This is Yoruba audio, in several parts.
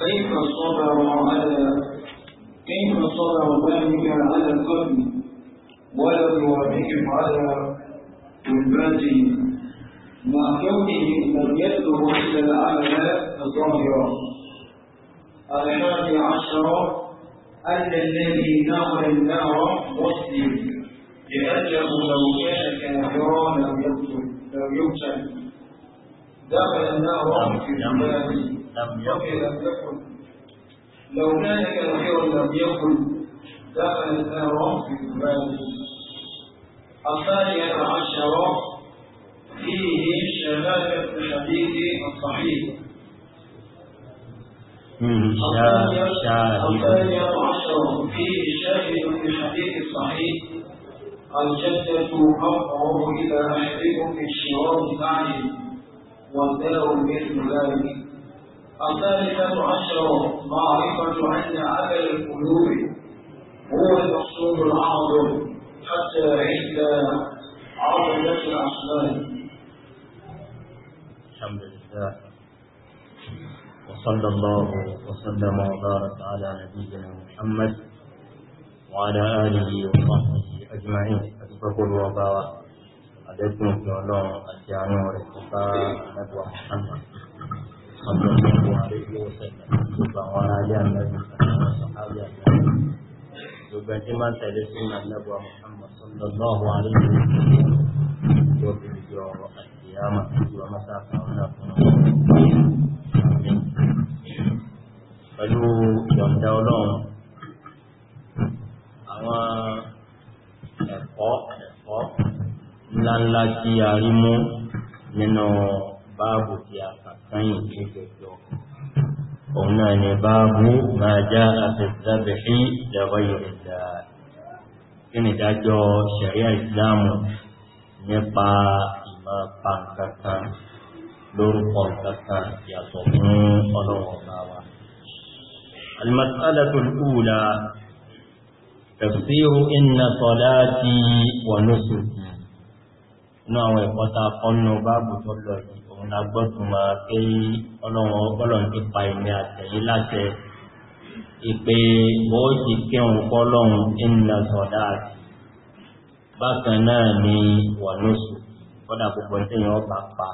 كيف صبروا على كيف صبروا ذلك على القتل ولم يوافقهم على تربته مع كونه لم يدلوا إلا الأعمال الظاهرة الحادي عشر أن الذي نار النار مسلم لأنه لو كان كافرا لم يقتل لم يقتل دخل النار في الإيمان وفي لم يكن لو كان كثيرا لم يكن دخل الثروة في البلد الثانية عشرة فيه شبابة الحديث الصحيح الثانية عشرة فيه شاهد الحديث الصحيح الجدة أقرب إلى أحدكم في شراب الأعين والدار مثل ذلك الثالثة عشر معرفة عند أبا القلوب هو المقصود الأعظم حتى عند عقدة الأصنام الحمد لله وصلى الله وسلم وبارك على نبينا محمد وعلى آله وصحبه أجمعين أتقوا وبارك عليكم في الله أتيانه والاستفاء ندوة محمد صلى الله عليه وسلم وعلى آله النبي وصحابه gbogbo ẹni tí máa ń tẹ̀lé sí ìlànàbọ̀ Muhammad sallallahu alaihi wa sallam yóò fi di ọ̀rọ̀ àti àmà tí wọ́n máa sáà fún ọ̀nà fún pẹ̀lú ìyọ̀ǹda ọlọ́run àwọn ẹ̀kọ́ ẹ̀kọ́ ńláńlá tí a rí mú nínú báàbù tí a kà lẹ́yìn òkè gbẹ̀gbẹ̀ òun náà ni báàbù máa já àfẹ́sàbẹ̀fí ìjàwáyé ẹ̀dà kí ni ìdájọ́ ṣẹ̀ríà ìsìláàmù nípa ìmọ̀ pa nǹkan kan lórúkọ nǹkan kan yàtọ̀ fún ọlọ́run ọba wa. المسألة الأولى تفسير إن صلاتي ونسكي. نعم قطع قلنا باب تلوي ọ̀nà gbọ́dùnmọ̀ pé ọlọ́run ti pa ìní àtẹ̀yí láṣẹ ìpè wọ́n ti kírun kọ́lọ́run ìnà sọ̀dá àti bákan náà ni wọ̀núṣù kọ́dà gbogbo ìtẹ̀yìn ọba pa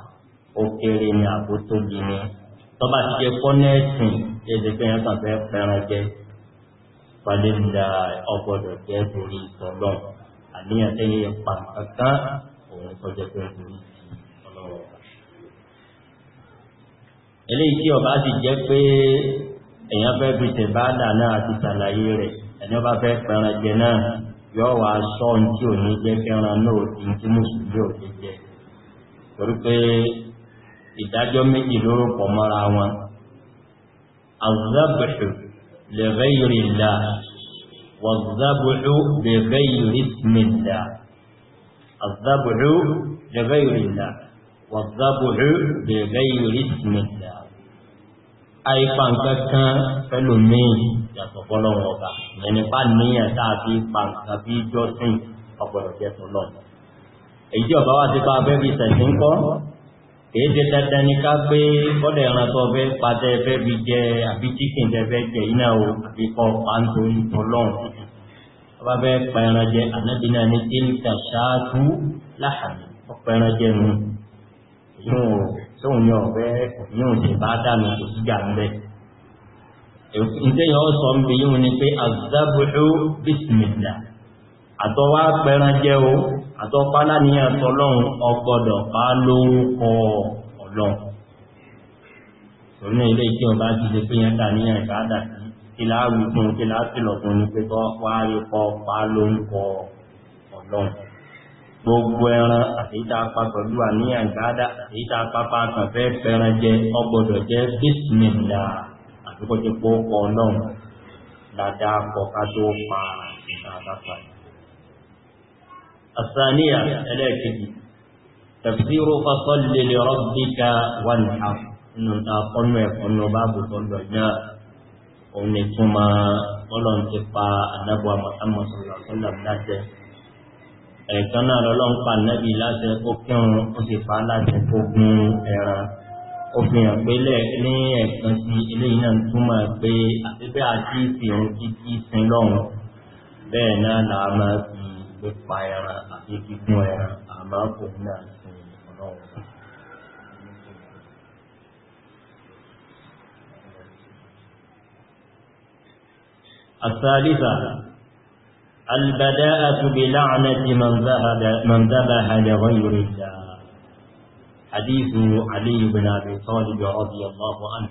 ó kéré ní àbó tóbi ni tọ́ba ti jẹ́ kọ́nẹ́ẹ̀sìn èdè pé yẹn kàn fẹ́ fẹ́ràn jẹ́ pàdé nígbà jẹ́ torí ìtọ́lọ́run àníyàn tẹ́yìn pa òun tọ́jọ́ pé ń torí ọlọ́run eléyìí tí ọba sì jẹ́ pé èèyàn fẹ́ fi tẹ̀bádà náà àti ṣàlàyé rẹ̀ ẹni ọba fẹ́ pẹran jẹ náà yọ wà sọ ohun tí ò ní jẹ́ kẹran náà ti ń tí mùsùlùmí ò ti jẹ torí pé ìdájọ́ méjì ló mọ́ra wọn azabuhu li ghayri llah wa azabuhu li ghayri ismi llah azabuhu li ghayri llah wa azabuhu li ghayri ismi llah àìpa nǹkan kan fẹ́lòmíì yàtọ̀ fọ́lọ́wọ́ ọba mẹ́nipa níyàn tá a fi pa nǹkan bí jọ́sìn ọ̀pọ̀lọ̀ jẹ́ tọ́lọ̀ èyí ọba wa ti pa abẹ́ bí sẹ̀sìn kọ́ kìí ṣe dandan ní ká pé kọ́dọ̀ ẹran tó fẹ́ padà ẹfẹ́ bí jẹ àbí chicken tẹ fẹ́ jẹ iná o àbí kọ́ pa ń torí ọba fẹ́ pa ẹran jẹ ànábì náà ní tí ń ta ṣáájú láhàmì ọ̀pọ̀ ẹran jẹ nù yóò tóun ní ọ̀fẹ́ yóò sì bá dànù kò sí gà ń bẹ̀. ìtẹ́yìn ọ̀sọ̀ ń bi yóò ní pé azabuhu bisimilá àtọwá pẹran jẹ́ o àtọpá láníyàn tọlọ́run ọgbọ́dọ̀ pa lórúkọ ọlọ́run torí ilé tí wọn bá ti lè pín yẹn dàníyàn ìbáàdà sí kí láàrú fún kí láàtìlọ̀kùn ní pé kọ́ wá rí kọ́ pa lórúkọ ọlọ́run gbogbo ẹran àtẹ́yíta apá pẹ̀lú àníyàn ìgbádá àtẹ́yíta apá pàtàkì fẹ́ fẹ́ran jẹ ọgbọ̀dọ̀ jẹ́ bísmìlá àtúkọ̀jẹ́ pọ́ọ̀pọ̀ náà dáadáa pọ̀ ká tó pa ìta àbápa. àsàníyà ẹlẹ́ẹ̀kejì tafsiru fasalli li rabbika wanhar nínú ta kọ́nù ẹ̀kọ́ ní ọba àbùtọ́ lọ náà òun ni túmọ̀ ọlọ́run ti pa anábọ̀ àmọ́ sọ̀rọ̀ ẹ̀ẹ̀kan náà lọ́lọ́run pa nẹ́bí láṣẹ ó ó sì fa láṣẹ kó gun ẹran ó ní ẹ̀ẹ̀kan sí eléyìí náà túmọ̀ pé àtẹ́bẹ́ àti ìfihàn kíkí sin lọ́run bẹ́ẹ̀ náà là á máa fi ìgbé pa ẹran àti gígùn ẹran àmọ́ kò náà sin الثالثة البداءة بلعنة من ذهب من ذبح لغير الله حديث علي بن أبي طالب رضي الله عنه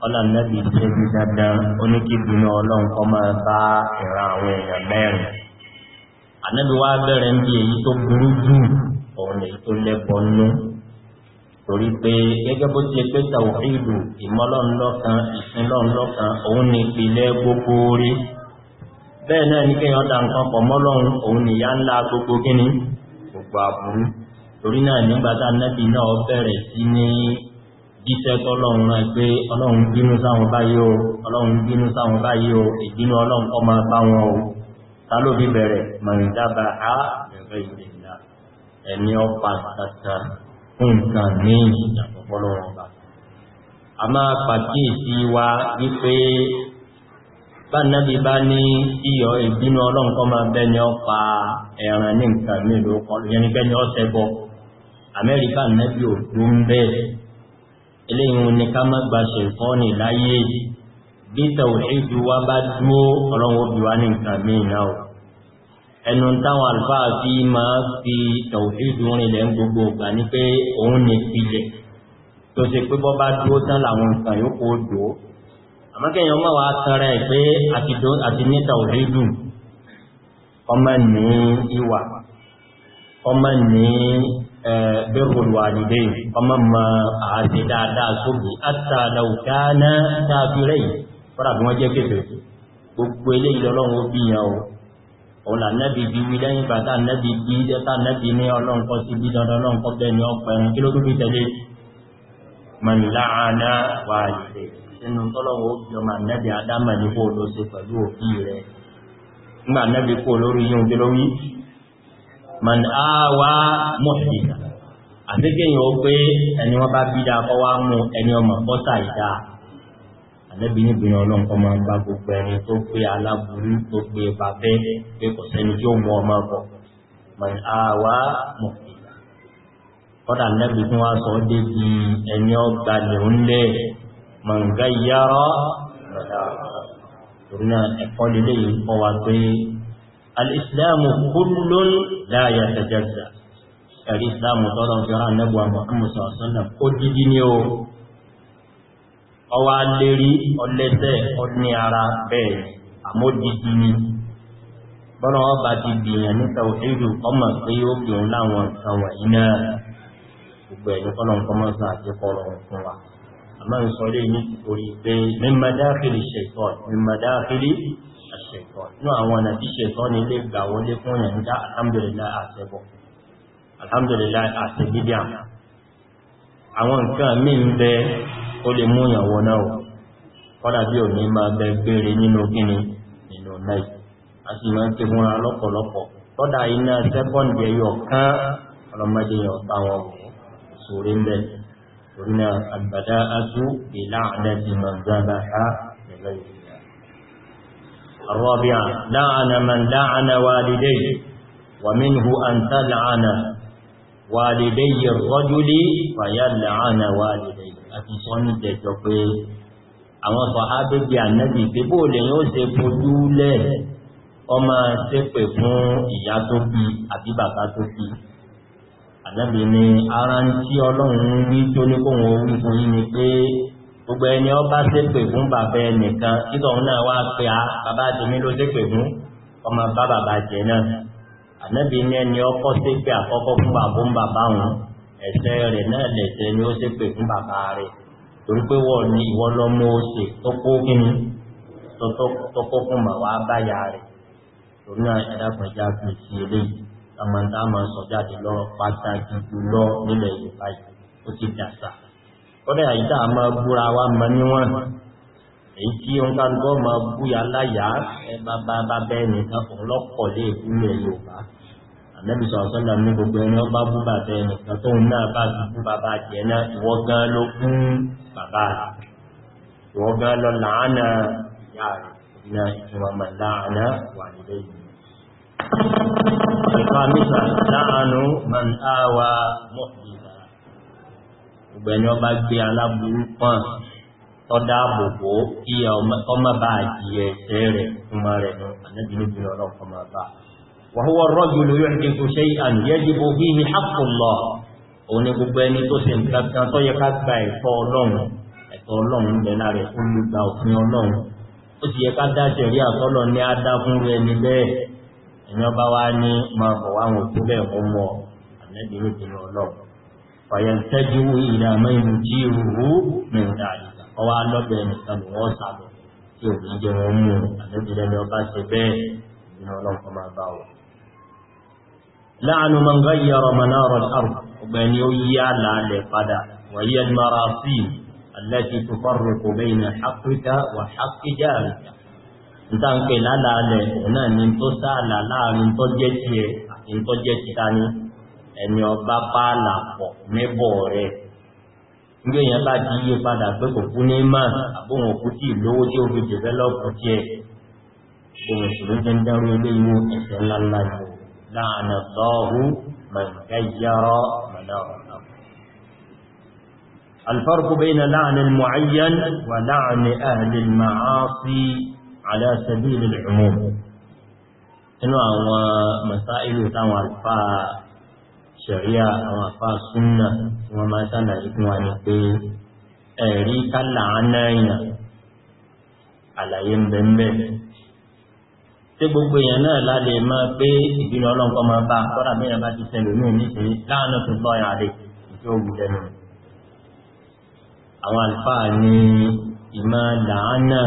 قال النبي سيدنا دادا أنكي بن أولون كما باع راوي مير النبي وابر أنبي يتبرو جو أولي يتلبنو torí pé gẹ́gẹ́ bó ti pé tàwíìdù ìmọ́lọ́nlọ́kan ìsinlọ́nlọ́kan òun ni ìpìlẹ̀ gbogbo orí bẹ́ẹ̀ náà ní kíyàn dá nǹkan pọ̀ mọ́lọ́run òun nìyá ńlá gbogbo gíní gbogbo àbúrú torí náà nígbàtà nẹ́bí náà bẹ̀rẹ̀ sí ní jíṣẹ́ tọ́lọ́run rẹ̀ pé ọlọ́run bínú sáwọn báyìí o ọlọ́run bínú sáwọn báyìí o ìbínú ọlọ́run kọ́ máa bá wọn o ta ló fi bẹ̀rẹ̀ mọ̀rìndàbà á bẹ̀rẹ̀ ìdènà ẹ̀mí ọ̀pá tata nǹkan ní ìjàpọ̀pọ̀lọ́run ọba a máa pàkíyèsí wa wípé bá nábi bá ní iyọ̀ ìbínú ọlọ́run kọ́ máa bẹ́ni ọpa ẹ̀ràn ní nǹkan mélòó kọlu yẹni bẹ́ni ọ́sẹ̀ bọ́ amẹ́ríkà nábi ò dún bẹ́ẹ̀ eléyìn ní ká má gba ṣèkọ́ ní láyé bí tàwíìdù wá bá dúó ọlọ́run ó bí wá ní nǹkan mìíràn ẹnu táwọn àlùfáà fi máa fi tàwíìdù rìnlẹ̀ ń gbogbo ìgbà ní pé òun ní pilẹ̀ tó ṣe pé bọ́ bá dúó tán làwọn nǹkan yóò kó dòó àmọ́kẹ́yàn máa wá tẹ́rẹ pé àti níta òdídù ọmọ ní ìwà ọmọ ní bẹ́rùlùwàdìdé ọmọ ma àti dáadáa sóbi àtàlàukà náà dáadú rẹ̀ fọ́nà bí wọ́n jẹ́ kéfẹ́ gbogbo ilé ìlọ́lọ́run ó bíyàn o ọ̀là nẹ́bí bí wí lẹ́yìn bàtà nẹ́bí bí dẹ́ta nẹ́bí ní ọlọ́nkọ́ sí bí dandan ọlọ́nkọ́ bẹ́ẹ̀ ni ọpẹ̀rin kí ló tó fi tẹ̀lé mọ̀láàánà wà ìṣẹ̀lẹ̀ inú tọ́lọ́wọ́ ó bí ọmọ ànẹ́bì adámà ní kó ló ṣe pẹ̀lú òbí rẹ̀ nígbà ànẹ́bì kó lórí yíò bí lórí man áwá mọ̀síkà àti kéyàn ó pé ẹni wọ́n bá bí dáa kọ́ wá mú ẹni ọmọ bọ́sà ìdá ànẹ́bì níbìnrin ọlọ́nkọ́ máa ń bá gbogbo ẹni tó pé aláburú tó pé bàbẹ́ pé kò sẹ́ni tí ó mú ọmọ bọ̀ man áwá mọ̀síkà kọ́dà ànẹ́bì tún wá sọ débi ẹni ọgbà lè ń lẹ́ẹ̀ mọ̀ǹgá yára torí náà ẹ̀kọ́ lílé yìí kọ́ wa pé alìsìláàmù kullun la yatajazza ẹ̀rí ìsìláàmù tọ́lọ̀ fẹ́ràn nẹ́bùwà Muhammad sallallahu alaihi wasallam ó dídí ní o ọwá lérí ọlẹ́sẹ̀ ọdún ara bẹ́ẹ̀ àmódìdí ni bọ́nà ọba ti gbìyàn níta òṣèlú ọmọ pé ó gbìyàn láwọn ìtàwà iná gbogbo ẹ̀yìn kọ́lọ̀ nǹkan àti kọ́lọ̀ nǹkan wa àmá ń sọ lé ní torí pé mímọ̀dáfìlì ṣẹ̀tọ́ mímọ̀dáfìlì ṣẹ̀tọ́ ní àwọn ọ̀nà tí ṣẹ̀tọ́ ní lè gbà wọlé fún ẹ̀ ń dá alhamdulillah àṣẹbọ̀ alhamdulillah àṣẹbídíà àwọn nǹkan mí ń bẹ ó lè mú ìyàwó náà kọ́dà bí ò ní máa bẹ gbére nínú kíni nínú náà a sì máa ọlọ́mọdé yọ̀ wọn wò sórí ń torí náà àgbàdá atú ìlà àdájì máa zábà ha nígbà ìgbà. الرابعة لعن من لعن والديه ومنه أن تلعن والدي الرجل فيلعن والديه أتي صنع تتقي àwọn sọ̀hábé di ànábì pé bó lè yóò ṣe fojú lẹ̀ ọmọ ṣépè fún ìyá tó bí àbí tó bí ànábì ni ara ń tí ọlọ́run wí tó ní kó wọn wí fún yín ni pé gbogbo ẹni ọba ṣépè fún bàbá ẹnìkan títọ̀ òun náà wá pé a bàbá tèmi ló ṣépè fún ọmọ bá bàbá jẹ náà ànábì ní ẹni ọkọ ṣépè àkọ́kọ́ fún bàbá ń bàbá wọn ẹ̀ṣẹ̀ rẹ̀ náà lẹ̀ṣẹ̀ ni ó ṣépè fún bàbá rẹ̀ torí pé wọ́n ní ìwọ lọ́mọ oṣè tó kó kíni tó kó fún màwá báyà rẹ̀ torí náà ẹ̀dá kan já fi sí eléyìí àmọ́ta máa sọ jáde lọ pàtàkì jùlọ nílẹ̀ Yorùbá yìí ó ti dàsà kọ́dà ìdá máa búra wa mọ níwọ̀n èyí tí ó ń ká lọ́ máa búya láyà ẹ bàbá bàbá lọ́pọ̀ lé ìpínlẹ̀ Yorùbá àlẹ́bí sọ̀rọ̀ sọ́dà ní gbogbo ẹni ọba bú bàbá ẹnì kan tóun náà bá ti bú bàbá jẹ náà ìwọ gan ló fún bàbá rẹ ìwọ gan lọ làánà ìyá rẹ ìdí náà ìtumọ̀ wà nílẹ̀ yìí Àfàmísà láàánú man áwà mọ́kìlá. Ògbẹ̀ni ọba gbé aláburú pọ̀n tọ́dá àbòbò ìyà ọmọ bá àjí ẹ̀ṣẹ̀ rẹ̀ ọmọ rẹ̀ nù ànẹ́bìnrin ọlọ́pọ̀mọ bá. وهو الرجل يحدث شيئا يجب فيه حق الله òun gbogbo ẹni tó ṣe nǹkan kan tó yẹ ká gba ẹ̀tọ́ ọlọ́run ẹ̀tọ́ ọlọ́run ń bẹ lára olùgbà òfin ọlọ́run ó sì yẹ ká dá ṣẹ̀rí àtọ́lọ́ ní adágún rẹ ní bẹ́ẹ̀ ìyẹn bá wá ní máa bọ̀ wá wọn tó bẹ́ẹ̀ mú mọ́ ànẹ́bí ní ìpínlẹ̀ ọlọ́run ọ̀yẹ̀ tẹ́jú ìdààmú ìlú tí ìrùhú mẹ́ta àyíká ọwọ́ alọ́bẹ̀ nìkan ló wọ́n sàlọ̀ tí ò ní jẹ́ wọn mú ànẹ́bí lẹ́nu ọba ṣe bẹ́ẹ̀ ìpínlẹ̀ ọlọ́run kan máa bá wọn. láàánú máa ń gáyé ọ̀rọ̀ mọ̀nàrọ̀ àrùn ọgbẹ́ni ó yí àlàálẹ̀ padà wọ̀nyẹ́ mara níta ń pè lálàálẹ̀ ọ̀nà ní tó sáàlà láàrin tó jẹ́ ti ẹ̀ àti tó jẹ́ ti ta ní ẹni ọba pààlà pọ̀ mẹ́bọ̀ rẹ̀ nígbà èèyàn bá ti yí padà pé kò kú ní mà àbóhùn òkú tí ìlówó tí ó fi dẹ̀fẹ́lọ́pù tí ẹ̀ ohun ìṣòro jẹ́ ń dárú ilé ìwò ẹ̀sẹ̀ ńláńlá yìí láàánà lọ́ọ̀hù mọ̀gáyàrọ̀ mọ̀lọ́rọ̀ الفرق بين لعن المعين ولعن أهل المعاصي ala sabilil umum nínú àwọn masáìlú táwọn alfa ṣẹ̀ríà àwọn alfa súnà tí wọ́n máa ṣàlàyé fún wa ní pé ẹ̀rí kálà ánáyà àlàyé mbẹ̀mbẹ̀ tí gbogbo èèyàn náà lálẹ́ máa pé ìbínú ọlọ́nkọ́ máa bá kọ́dà bẹ́yàn bá ti ṣẹlẹ̀ ní ìníṣẹ́ láàánú tó gbọ́ ọ̀yà rẹ̀ tí ó gbùdẹ̀ nù àwọn alfa ní ìmọ̀ làánà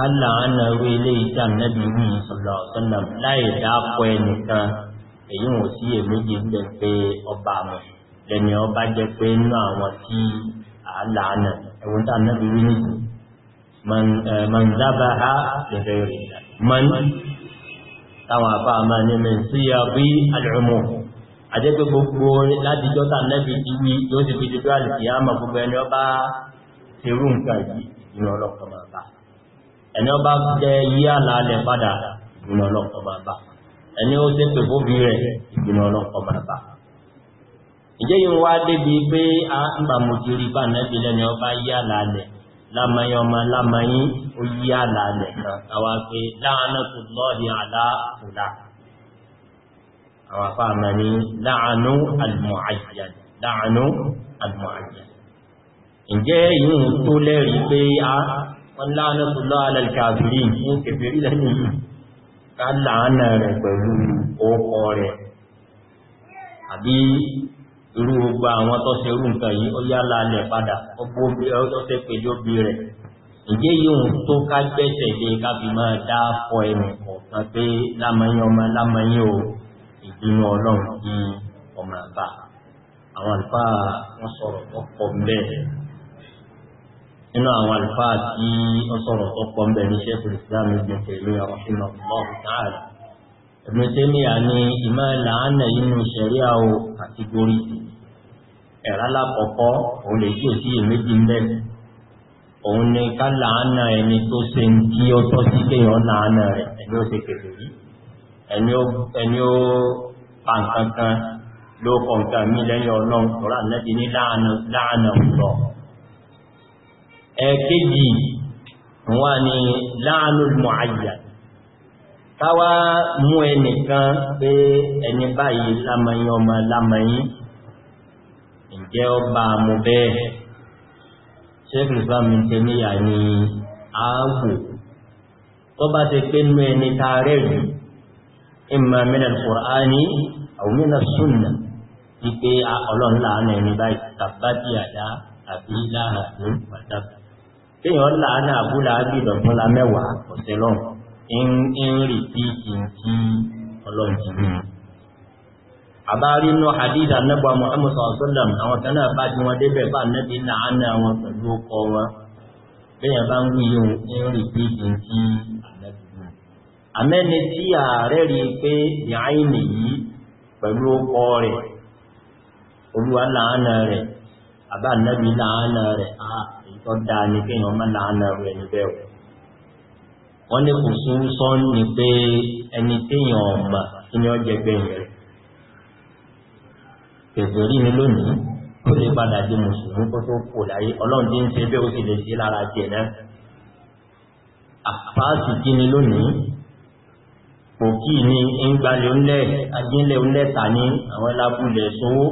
kálà ánà rú ilé ìjà nẹ́bí rí sọ̀lọ̀ sọ́nà láì dápọ̀ ẹnìkan èyí wọ́n sí èméjì ń pé ọba mọ̀ lẹ́ni ọba jẹ́ pé inú àwọn tí àálà ánà ẹ̀wọ̀n tá nẹ́bí rí nìsí man dábà á rẹ̀ man táwọn àbá máa ní mẹ́ sí àbí àlùmọ̀ àjẹ́pẹ́ gbogbo láti jọ́ta nẹ́bí ti wí yóò sì fi dídú àlùkìyàmọ̀ gbogbo ẹni ọba ṣerú nǹkan yìí ẹni ọba bẹ yí àlà alẹ̀ padà ìgbìmọ̀ ọlọ́pọ̀ máa bá ẹni ó ṣe pè fóbi rẹ ìgbìmọ̀ ọlọ́pọ̀ máa bá ìjẹ́ yìí wá débi pé a ń bà mọ̀ ọba yí àlà alẹ̀ ọmọ lámàáyí ó yí àlà kan àwa pé láàánú lọ́ọ̀dì àwọn láàánú láàánú ǹjẹ́ yìí tó lẹ́rìí pé a wọ́n láàánà tó láàlẹ̀ kàfìrí ní kèfèrí lẹ́nu yìí ká láàánà rẹ̀ pẹ̀lú ọkọ̀ rẹ̀ àbí irú gbogbo àwọn tó ṣe rú nǹkan yìí ó yá láàlẹ̀ padà ọgbó ọ̀sẹ̀ pẹ̀jọ́ bí rẹ̀ ìjẹ́ yóò tó ká gbẹ́sẹ̀ lé káfí máa dá fọ ẹnì kọ̀ọ̀kan pé lámọyín ọmọ lámọyín o ìbínú ọlọ́run nínú àwọn àlùfáà tí ó sọ̀rọ̀ tó pọ̀ ń bẹ̀ ní ṣẹ́kù ìsìlámù ibn taymiya rahimahullah ta'ala ibn taymiya ní ìmọ̀ làánà inú ṣẹ̀ríà o àti gorí ẹ̀rá lákọ̀ọ́kọ́ òun lè tí ò sí èméjì ń bẹ̀ òun ni ká làánà ẹni tó ṣe ń kí ó tọ́ sí kéèyàn làánà rẹ̀ ẹni ó ṣe kèfè yìí ẹni ó pa nǹkan kan ló kọ̀ nǹkan mí lẹ́yìn ọlọ́run tó rà nẹ́bi ní láàánà ọ̀rọ̀ ẹ̀kejì wọ́n ni láàánúl mọ̀ayà táwà mú ẹnìkan pé ẹni báyìí lámàáyí ọmọ lámàáyí ǹjẹ́ ó bá mú bẹ́ẹ̀ ṣẹ́kùnlùfà mi tẹ́ níyà ni ààbò tó bá ti pé mú ẹni tààrẹ yìí imma min al-Qur'ani aw min as-sunnah ọlọ́run láàánú ẹni báyìí tàbátì àdá tàbí láàrín pàtàkì kéèyàn làánà àbúlà ábìlọ̀ fúnla mẹ́wàá ọ̀sẹ̀ lọ ń rí tí kì ọlọ́run ti rí àbárí inú hadith anábọ̀ muhammad sallam àwọn kan náà bá wọn débẹ̀ bá nẹ́bí làánà pẹ̀lú ọkọ wọn bá ń yóò ń àmẹ́ni tí ààrẹ rí pé pẹ̀lú ọkọ rẹ̀ olúwa àbá nẹ́bí láàánà rẹ̀ á ah, ìtọ́ dáa ní kí èèyàn má láàánà rẹ̀ níbẹ̀ o wọ́n ní kò sún sọ́n ni pé ẹni téèyàn ọ̀mà kí ni ó jẹ gbẹ̀yìn rẹ̀ kèfè rí ni lónìí ó lè padà di mùsùlùmí kó tó kù láyé ọlọ́run ti ń ṣe bẹ́ẹ̀ ó sì lè ṣe lára tiẹ̀ náà àpáàsì kí ni lónìí òkì ni ń gbalẹ̀ ńlẹ̀ ajínigbẹ̀ ńlẹ̀ ta ní àwọn ẹlábùlẹ̀ sówó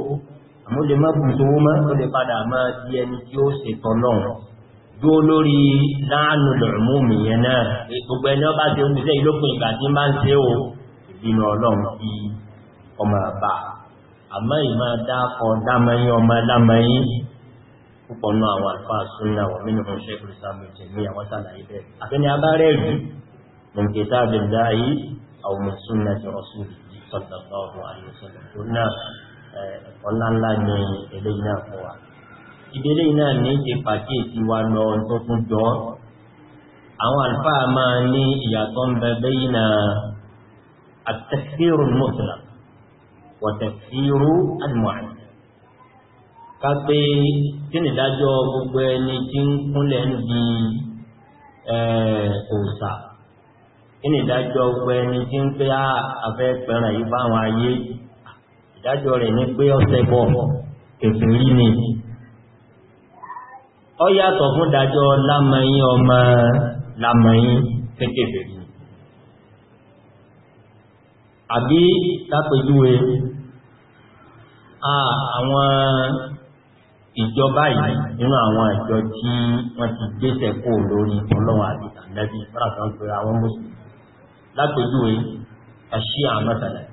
àmọ́ lè má bùn sówó mọ́ ó lè padà máa di ẹni tí ó ṣe tọ́lọ́run dúó lórí láàánú lọ̀rùmú mi yẹn náà gbogbo ẹni ọba ti ń gbèsè ìlópin ìgbà tí máa ń ṣe o ìbínú ọlọ́run bí ọmọ àbá àmọ́ ìmọ̀ dákọ dámẹ́yìn ọmọ dámẹ́yìn púpọ̀ náà àwọn àlùfáà súnlẹ̀ wọ̀ nínú ìṣẹ́ ìpìlìsàmù ìjẹ̀mí àwọn sàlàyé bẹ́ẹ̀ àtẹ́ni abárẹ́ ìlú mọ̀nkẹ́ta àbẹ̀dáyé àwọn súnlẹ̀ ti rọ̀ sí ìsọ̀tọ̀ ọ̀rọ̀ àyẹ̀sọ̀tọ̀ náà ọ̀nà ńlá ni eléyìí náà fún wa ìdílé náà ní wa lọ tó jọ àwọn àlùfáà máa ní ìyàtọ̀ ń bẹ bẹ́yìn náà àtẹ̀síìrù mùsùlùmí wọ̀tẹ̀síìrù àlùmọ̀ọ́nì ká pé kí gbogbo ẹni tí ń kúnlẹ̀ ń di òòṣà kí ìdájọ́ rẹ̀ ní pé ọ̀sẹ̀ bọ̀ kèfèrí ni ọ yàtọ̀ fún dájọ́ lámọ̀yín ọmọ lámọ̀yín kékèfèrí àbí lápẹjúwe àwọn ìjọba yìí nínú àwọn ìjọ tí wọ́n ti gbéṣẹ̀ kó lórí ọlọ́run àti ànẹ́bí fọ́nàtàn pé àwọn mùsùlùmí lápẹjúwe àṣí àmọ́sàlẹ̀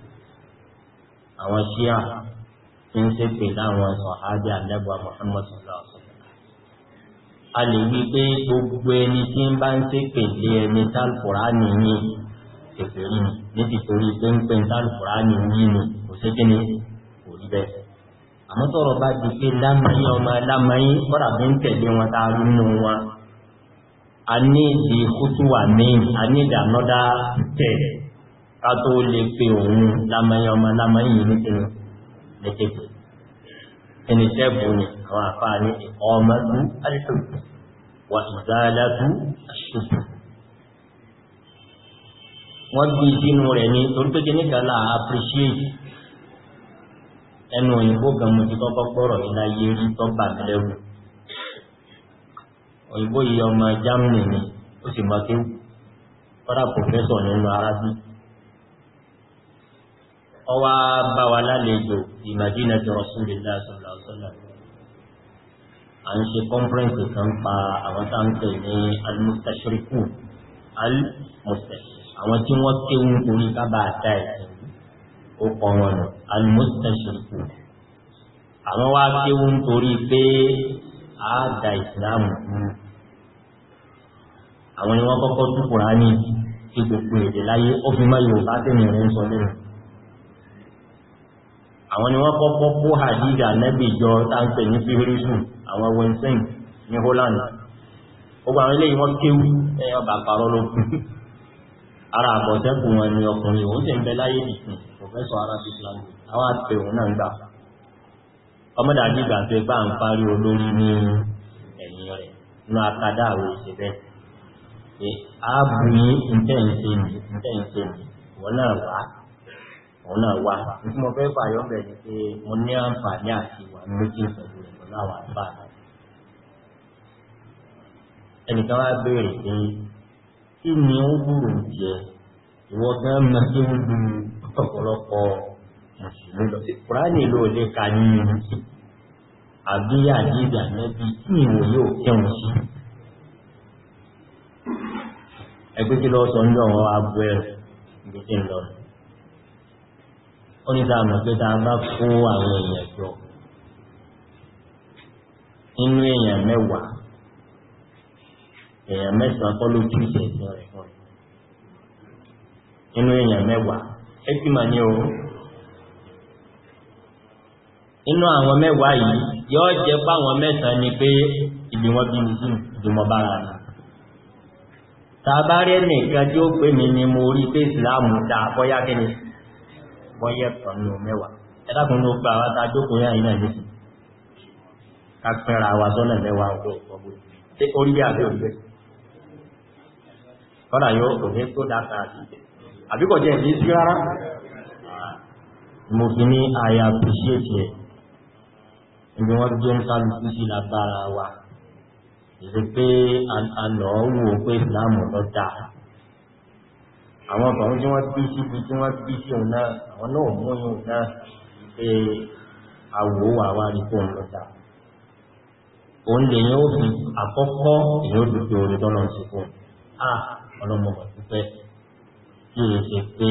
àwọn ṣíà tí ń ṣépè láwọn sọ̀hábí àdẹ́gbà Muhammad sallallahu alaihi wasallam a lè wí pé gbogbo ẹni tí ń bá ń ṣépè lé ẹni tálùkùránì ní èfèrí ni níbi torí pé ń pè tálùkùránì ní ni kò sí kí ni kò rí bẹ́ẹ̀ àmọ́ tọ̀rọ̀ bá di pé lámàáyín ọmọ lámàáyín kọ́dà bí ń tẹ̀lé wọn tá a rí nínú wọn a ní ìdí kútùwà míì a ní ìdánọ́dá tẹ̀lé ká tó lè pe òun lámẹ́yìn ọmọ lámẹ́yìn ní kí ni méjèèjì ẹni sẹ́bù ni àwọn àfáà ní ẹ̀kọ́ ọmọdún alẹ́sọ̀tún wà ìzáàlátú aṣòfò wọ́n gbé sínú rẹ̀ ní torí pé kíní kan láà appreciate ẹnu òyìnbó gan mo ti kọ́kọ́ gbọ́rọ̀ ní láyé rí tó bà mí lẹ́rù òyìnbó yìí ọmọ Germany ni ó sì mọ kéwù kọ́dà pòfẹ́sọ̀ nínú arábí ọwá bá wa lálejò ìmàdínà tí Rasulullah sallallahu alaihi wasallam a ń ṣe kọ́nfẹ́rẹ́nsì kan pa àwọn tá ń pè ní al-mustashrikun al-mustashrikun àwọn tí wọ́n kéwú orí kábà àtà ẹ̀sìn ó pọ̀ wọn nù al àwọn wá kéwú nítorí pé a da ìsìláàmù fún àwọn ni wọ́n kọ́kọ́ tú Kùránì tí gbogbo èdè láyé ó fi mọ́ Yorùbá tẹ̀mí rẹ̀ sọ nínú àwọn ni wọ́n kọ́kọ́ kó hadith anẹ́bì jọ táńpẹ̀ ní sírísù àwọn winston ní Holland ogun àwọn ilé ìwọ́n kéwú ẹ̀yọ́ bàbárọ́ ló kú ara àbọ̀tẹ́kù wọn ni ọkùnrin òun sì ń bẹ láyé àwọn òun náà gbà ọmọdé àdìgbà tó bá ń parí olórí ní ẹ̀yìn rẹ̀ nínú akadá àwọn ààbò ń tẹ̀ ń wọ́n òun náà wá nítorí mo fẹ́ fààyàn bẹ̀ ni pé mo ní àǹfààní àti ìwà méjì pẹ̀lú rẹ̀ pẹ̀lú àgbà náà. ẹnìkan wá béèrè pé kí ni ó wúrò jẹ ìwọ gan mọ kí ń du ọ̀pọ̀lọpọ̀ mùsùlùmí lọ sí ló lè ka ní àbí àdìgbà nẹ́bí ìwò yóò kẹ́hùn sí. ẹgbẹ́ kí lọ́sọ̀ ń lọ àwọn abúlé ìgbésẹ̀ ńlọrọ̀ ó ní sáà mọ̀ pé tá a bá kó àwọn èèyàn jọ inú èèyàn mẹ́wàá èèyàn mẹ́sàn-án kọ́ ló tú ìṣẹ̀sìn rẹ̀ fún rẹ̀ inú èèyàn mẹ́wàá ẹ̀kìmà ni o inú àwọn mẹ́wàá yìí yóò jẹ́ fáwọn mẹ́sàn-án ni pé ìdí wọn bí mi sí ìdìmọ̀ bá ara mi tàbárẹ́ nìkan tí ó pè mí ni mo rí pé ìsìláàmù dáa bọ́yá kí ni bọ́yẹ̀ kan nù mẹ́wàá ẹ̀dàkùn ló gba àwọn àjókòó yà iná ìlú ká pẹ́ra wa sọ́nà mẹ́wàá ọ̀dọ́ ọ̀pọ̀ tí ó rí àbí òjò kọ́nà yóò kò ní tó dáta àti àbíkọ̀ jẹ́ ìdí sí rárá mo fi ní àyà àpìṣíètì ẹ̀ ibi wọ́n jẹ́ ń sáré sí sí lágbára wa ìrèpé àná wò pé ìsìlámù lọ́dà àwọn ọkùnrin tí wọ́n bí síbi tí wọ́n bí sí òun àwọn náà mú yóò náà pé àwò àwa rí ń lọ́ta òun lè yẹn ó fi àkọ́kọ́ èyí ó dúdú orin tọ́nà sí fún un a pípẹ́ kí n ṣe pé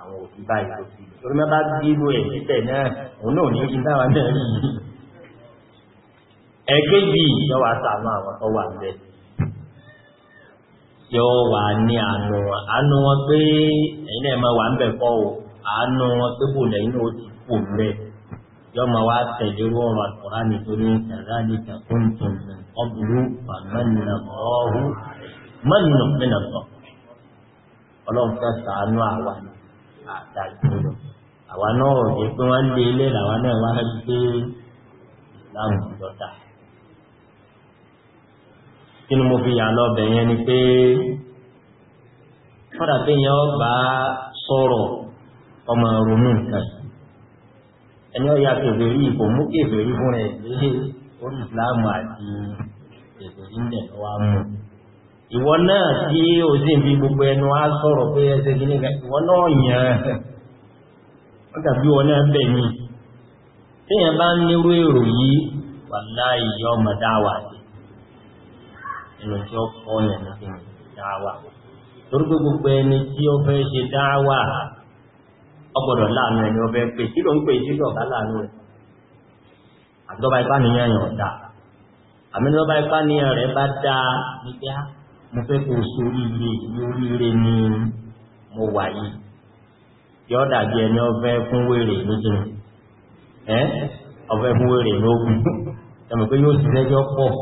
àwọn òbí báyìí ló fi lórí mẹ́ta bírú ẹ̀ síbẹ̀ náà òun náà ò ní ojú táwa náà yìí ẹ̀kejì yọ wá sàánú àwọn tó wà bẹ́ẹ̀ yóò wà ní àánú wọn àánú wọn pé ẹ̀yin náà máa wà ń bẹ̀ kọ́ o àánú wọn pé kò lẹ́yìn náà ó ti kù rẹ̀ yóò máa wá tẹ̀lé rọrùn àkùrá nítorí kàdáàlì kàkún tuntun ọ̀bùrú fàmẹ́nà ọ̀hún mọ́nìyàn mẹ́nà sọ ọlọ́run fẹ́ sàánú àwa àtàkùnrin àwa náà ò jẹ́ pé wọ́n lé ilé làwa náà wá gbé ìlànà ìjọta kí ni mo fi yà lọ bẹ̀ yẹn ni pé fọ́dà pé yẹn ọ bá sọ̀rọ̀ ọmọ ronú nǹkan ẹni ọ ya kèfèrí kò mú kèfèrí fún rẹ̀ lé orí ìsìláàmù àti kèfèrí ńlẹ̀ lọ́wọ́ mú ìwọ náà tí o sì ń fi gbogbo ẹnu á sọ̀rọ̀ pé ẹsẹ̀ kìíní kan ìwọ náà yàn án wọ́n tàbí wọn náà bẹ̀ ni téèyàn bá ń nírú èrò yìí wàláì yọ ọmọ dáwà sí ìyẹn tí ó kọ́ yẹn ní kí dáwà torí pé gbogbo ẹni tí ó fẹ́ ṣe dáwà ọgbọ̀dọ̀ láàánú ẹni ó fẹ́ pè kí ló ń pè sí lọ́ọ̀bá láàánú ẹ̀ àtọ́ba ipá nìyẹn yàn ọ̀dà àmì ipá nìyẹn rẹ̀ bá dá gbígbá ah, mo fẹ́ kó sórí ilé ni mo wà yìí yọ dàbí ẹni ọfẹ́ fún wèrè lójú ẹ ọfẹ́ fún wèrè lógún ẹ̀mọ̀ pé yóò sì lẹ́jọ́ pọ̀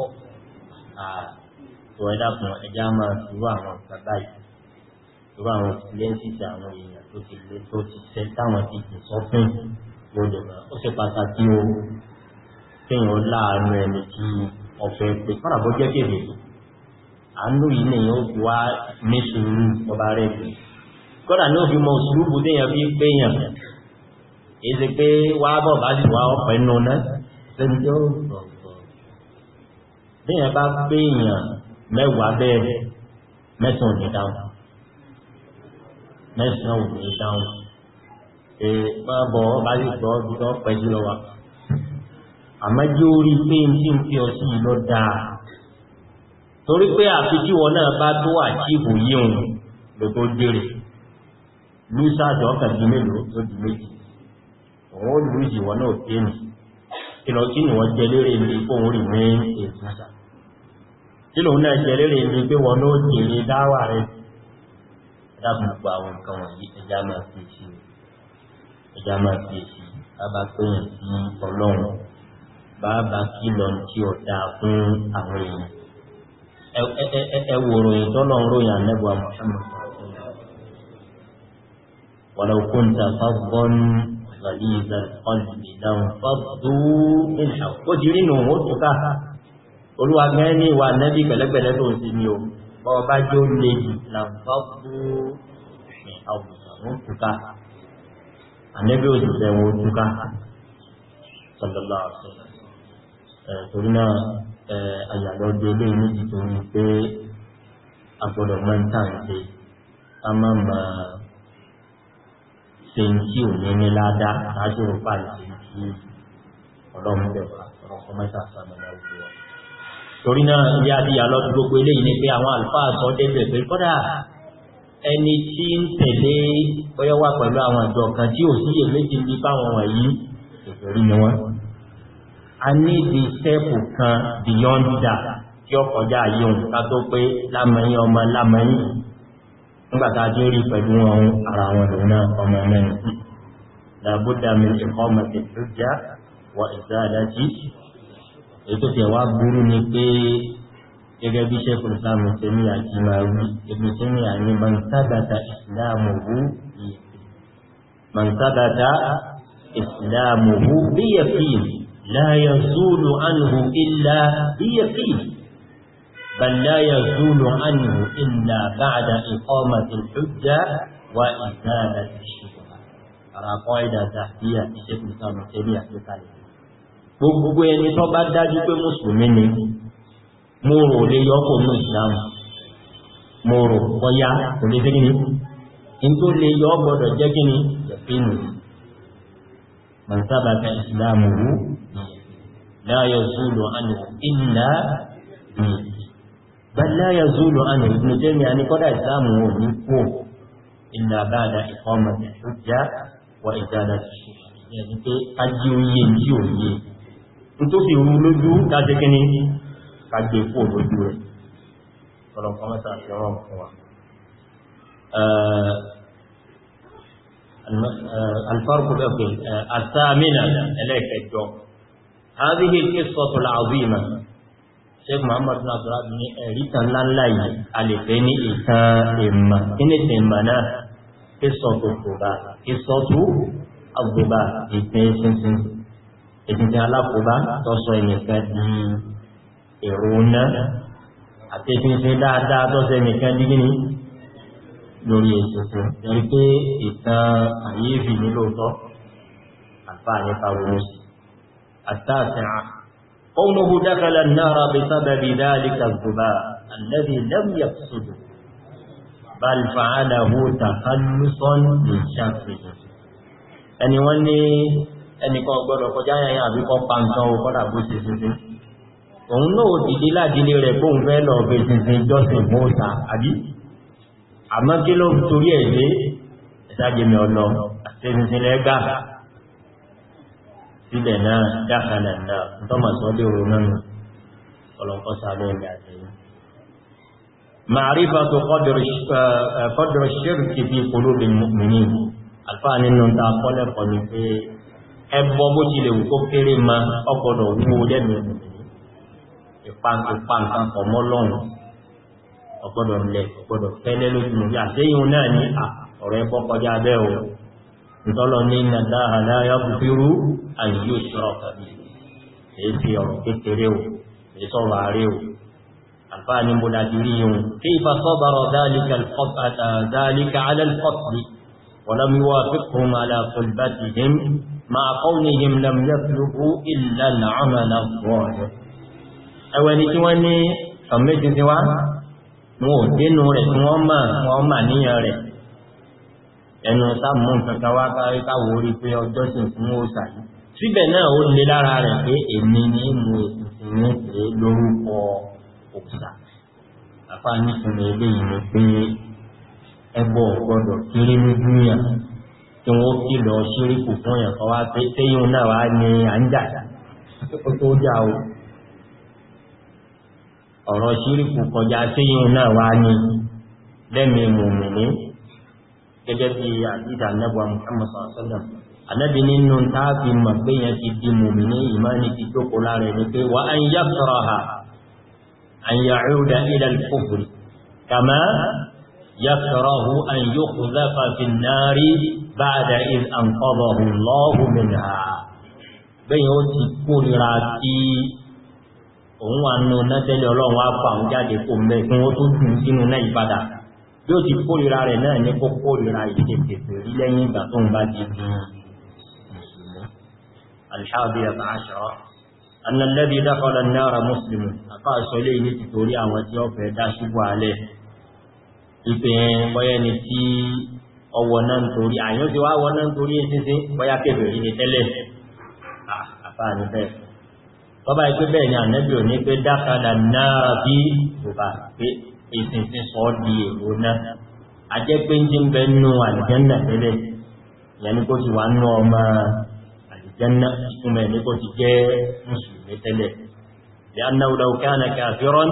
sọ ẹ̀dá kan ẹja máa dúró àwọn nǹkan báyìí dúró àwọn fúlẹ́ńsìtì àwọn èèyàn tó ti lé tó ti sẹ́ táwọn ti jù sọ́fún lóde náà ó ṣe pàtàkì o kéèyàn láàánú ẹni tí ọ̀fẹ́ pé kọ́nà bó jẹ́ kéde àánú yìí nìyẹn ó fi wá ní sùúrù ọba rẹ̀ pé kọ́nà ní òfin mọ sùúrù déyàn fi pé yàn èyí ṣe pé wá bọ̀ bá sì wá ọ̀pẹ́ nù náà lẹ́yìn tó déyàn bá pé mẹ́wàá bẹ́ẹ̀ mẹ́sàn-án ní dáhùn mẹ́sàn-án ò ní dáhùn ee máa bọ̀ ọ́ bá lè gbọ́ bí wọ́n pẹ́ jùlọ wa àmọ́ jẹ́ orí pé n tí n fi ọ sí yìí lọ dáa torí pé àfi wọn náà bá tó àjíìbò yíhun ló tó dèrè lùsàdì ọkàn di mélòó tó di méjì òun ó lùsì wọn náà dénú kí lọ kí wọn jẹ lérè ní kóun rí ní èèyàn sáà kí lòun náà ṣe lérè ní pé wọn ló jèrè dáwà rẹ̀ dábùn gbogbo àwọn nǹkan wọ̀nyí ẹja máa fi èsì ẹja máa fi èsì bàbá péyàn sí ọlọ́run bàbá kìlọ̀ tí ó dáa fún àwọn èèyàn ẹ wò ròyìn tọ́lọ̀ ń ròyìn ànẹ́bùa mọ̀ṣánmọ̀ ولو كنت فظا غليظ القلب لانفضوا من حولك. وجرينهم وسطك olúwa gẹ́ẹ́ ní ìwà nẹ́bí pẹ̀lẹ́pẹ̀lẹ́ tó ń sí ní o ọba jó lè làbábú àwùsàn túká ànẹ́bí òṣìṣẹ́ wọn túká sallallahu alaihi wasallam torí náà àyàlọ́dé lè níbi tó ń pé agbọ́dọ̀ mẹ́ta ń pé a máa ma ṣe ń tí ò ní ní ládá láti rúpa ìṣe ń tí ọlọ́run bẹ̀rẹ̀ ọ̀rọ̀ kọ́mẹ́ta sábà láwùjọ torí náà ilé àti ìyàlọ́ ti gbogbo eléyìí ni pé àwọn àlùfáà sọ débẹ̀ pé kọ́dà ẹni tí ń tẹ̀lé bóyá wà pẹ̀lú àwọn àjọ kan tí ò síyè méjì ní báwọn wọ̀nyí ìfẹ̀rí ni wọ́n a ní di sẹ́ẹ̀pù kan beyond that tí ó kọjá yìí òun ká tó pé lámẹ́yìn ọmọ lámẹ́yìn nígbàtà tí ó rí pẹ̀lú ọrùn ara wọn lòun náà ọmọ mẹ́rin لابد من إقامة الحجة وإزالة ètò tó tẹ̀ wá burú ni pé gẹ́gẹ́ bí sẹ́kùn sáàmù tẹ́mí àti màáwí ibi tẹ́mí àní mọ̀nsábàtà ìsìláàmùhù mọ̀nsábàtà ìsìláàmùhù bíyẹ̀fì láyà zúlù ánìhù ilá bí bà láyà zúlù bíyẹ̀fì بل لا يزول tó إلا wà إقامة الحجة àràkọ́ الشبهة bí قاعدة تحتية الشيخ مسلم تيمية في gbogbo ẹni tó bá dájú pé mùsùlùmí ni mo rò lè yọkò ní islam mo rò ọya kò lè fi kíni n tó lè yọ gbọ́dọ̀ jẹ kíni ìpinnu mọ̀nsábàtà islam wù láyọ̀ zúlù àná ìlà bal láyọ̀ zúlù àná ìbùnú jẹ́mi àní islam wò ní kú ìlà bá da ìfọ́mọ̀ ìṣújá wọ ìdáná ti ṣe ìyẹn ní pé ajíoyè ní òye tó fi rú lójú dájẹ́ kí ní kàgbé fò lójú rẹ̀ ọ̀lọ́pọ̀ mẹ́ta fi rán fún wa alfarku bẹ́ẹ̀kùn àtàmìnà ẹlẹ́ẹ̀kẹjọ هذه القصة العظيمة Sheikh Muhammad Nasrat ní ẹ̀rí tan ńláńlá yìí a lè fẹ́ ní ìtàn ìmọ̀ inú ìmọ̀ náà kí sọ kò bá kí sọ tó ìpín sínsìn ènìyàn alákòóbá tọ́sọ ẹnìkan di èrò ńlá àti ìpínṣe dáadáa tọ́sọ ẹnìkan di gíní lórí ìṣòfò lórí pé ìtàn àyèéfì ní lóòótọ́ àǹfààní pariwo sí àtàtà قوله دخل النار بسبب ذلك الذباب الذي لم يقصده بل فعله تخلصا من شره ẹni wọ́n ní ẹnìkan ọgbọ́dọ̀ kọjá yẹn àbí kọ́ pa nǹkan o kọ́dà bó ṣe ṣinṣin òun náà dìde ládìlé rẹ̀ bóun fẹ́ lọ bẹ ṣinṣin jọ́sìn mọ́ta àbí àmọ́ kí ló torí ẹ̀ lé ìsájẹmẹ ọlọ àti ṣinṣin lẹ́gbà sílẹ̀ náà dákàlẹ̀ náà tọ́mà sọ lé òun náà ọlọ́nkọ́ sábẹ́ ẹ̀mí àtẹ̀yìn معرفة قدر الشرك في قلوب المؤمنين الفان انه تعقل قلبي ẹbọ bó ti lè wù kó kéré ma ọgbọ̀dọ̀ wúwo lẹ́nu ìpa nǹkan pọ̀ mọ́ lọ́run ọgbọ́dọ̀ lẹ̀ ọgbọ́dọ̀ fẹ́lẹ́ lójú rí àṣẹ́yìn náà ní ọ̀rọ̀ ẹbọ kọjá abẹ́ o ìtọ́lọ ní nàdáhà láyá búburú àyí yóò sọ̀rọ̀ tàbí èyí fi ọ̀rọ̀ kékeré o èyí sọ̀rọ̀ ààrẹ o àfáà mo dájú rí yìí kí ìfà sọ́bàrọ̀ dáálíkà alẹ́lfọ́tì wọ́n lọ́míwá fíkùn alàfọ̀lbátìhìn máa qawlihim lam yatlubu illa al-amala as-salih ẹwẹ́ ni tí wọ́n ní ọ̀mẹ́jì ti wá wọn ò dénú rẹ̀ tí wọ́n mọ̀ wọ́n mà níyàn rẹ̀ ẹnu sáàmù kankan wá kárí káwọ orí pé ọjọ́ sì fún òòsà yìí síbẹ̀ náà ó lè lára rẹ̀ pé èmi ní mo ìsinmi pé lórúkọ òòsà àpá nítorí eléyìí ni pé ẹbọ gbọ́dọ̀ kéré ní dúnyà tí wọ́n kí lọ ṣíríkù fún ọ̀yàn kan wá pé téyìn náà wá ní à ń jà ó tó jà o ọ̀rọ̀ ṣíríkù kọjá téyìn náà wá ní lẹ́mìí mùmìnì gẹ́gẹ́ bí àdìdà nẹ́bọ̀ àmọ́sán sọ́dọ̀ ànábì nínú táàfin mọ̀ yẹn ti di mùmìnì ìmánì ti jókòó lára ẹni pé wà á ń yá sọ̀rọ̀ ha an ya'uda ila al-kufri kama yakrahu an yuqdhafa fi an-nari ba'da iz anqadahu Allahu minha bẹ́yìn ó ti kórira tí òun wà nù nẹ́tẹ́lẹ̀ ọlọ́run wá pa òun jáde kó mẹ́ fún ó tó dùn sínú náà ìpadà bí ó ti kórira rẹ̀ náà ní kó kórira ìṣèkèkè rí lẹ́yìn ìgbà tó ń bá di di mùsùlùmí. alṣáàbí ẹ̀ka aṣọ annalẹ́bí dákọ̀lá náírà mùsùlùmí apá aṣọ ilé yìí ti torí àwọn tí wọ́n dá ṣubú alẹ́ ìpè bọ́yẹ́ni tí ọwọ́ náà nítorí àyàn ti wá wọ́n náà nítorí ẹ̀sìnsí bọ́yá kébèrè ní tẹ́lẹ̀ ah, àfáà ní bẹ́ẹ̀ tọ́ba ẹgbẹ́ bẹ́ẹ̀ ni ànẹ́bí ò ní pé dákàdà náà bí bùbá pé ẹ̀sìnsí sọ ọ́ di èrò náà ajẹ́ pé ń jí ń bẹ nú àlìjẹ́nà tẹ́lẹ̀ ìyẹn ni kò ti wà nú ọmọ àlìjẹ́nà ìtumọ̀ ní kò ti jẹ́ mùsùlùmí tẹ́lẹ̀ لأنه لو كان كافرا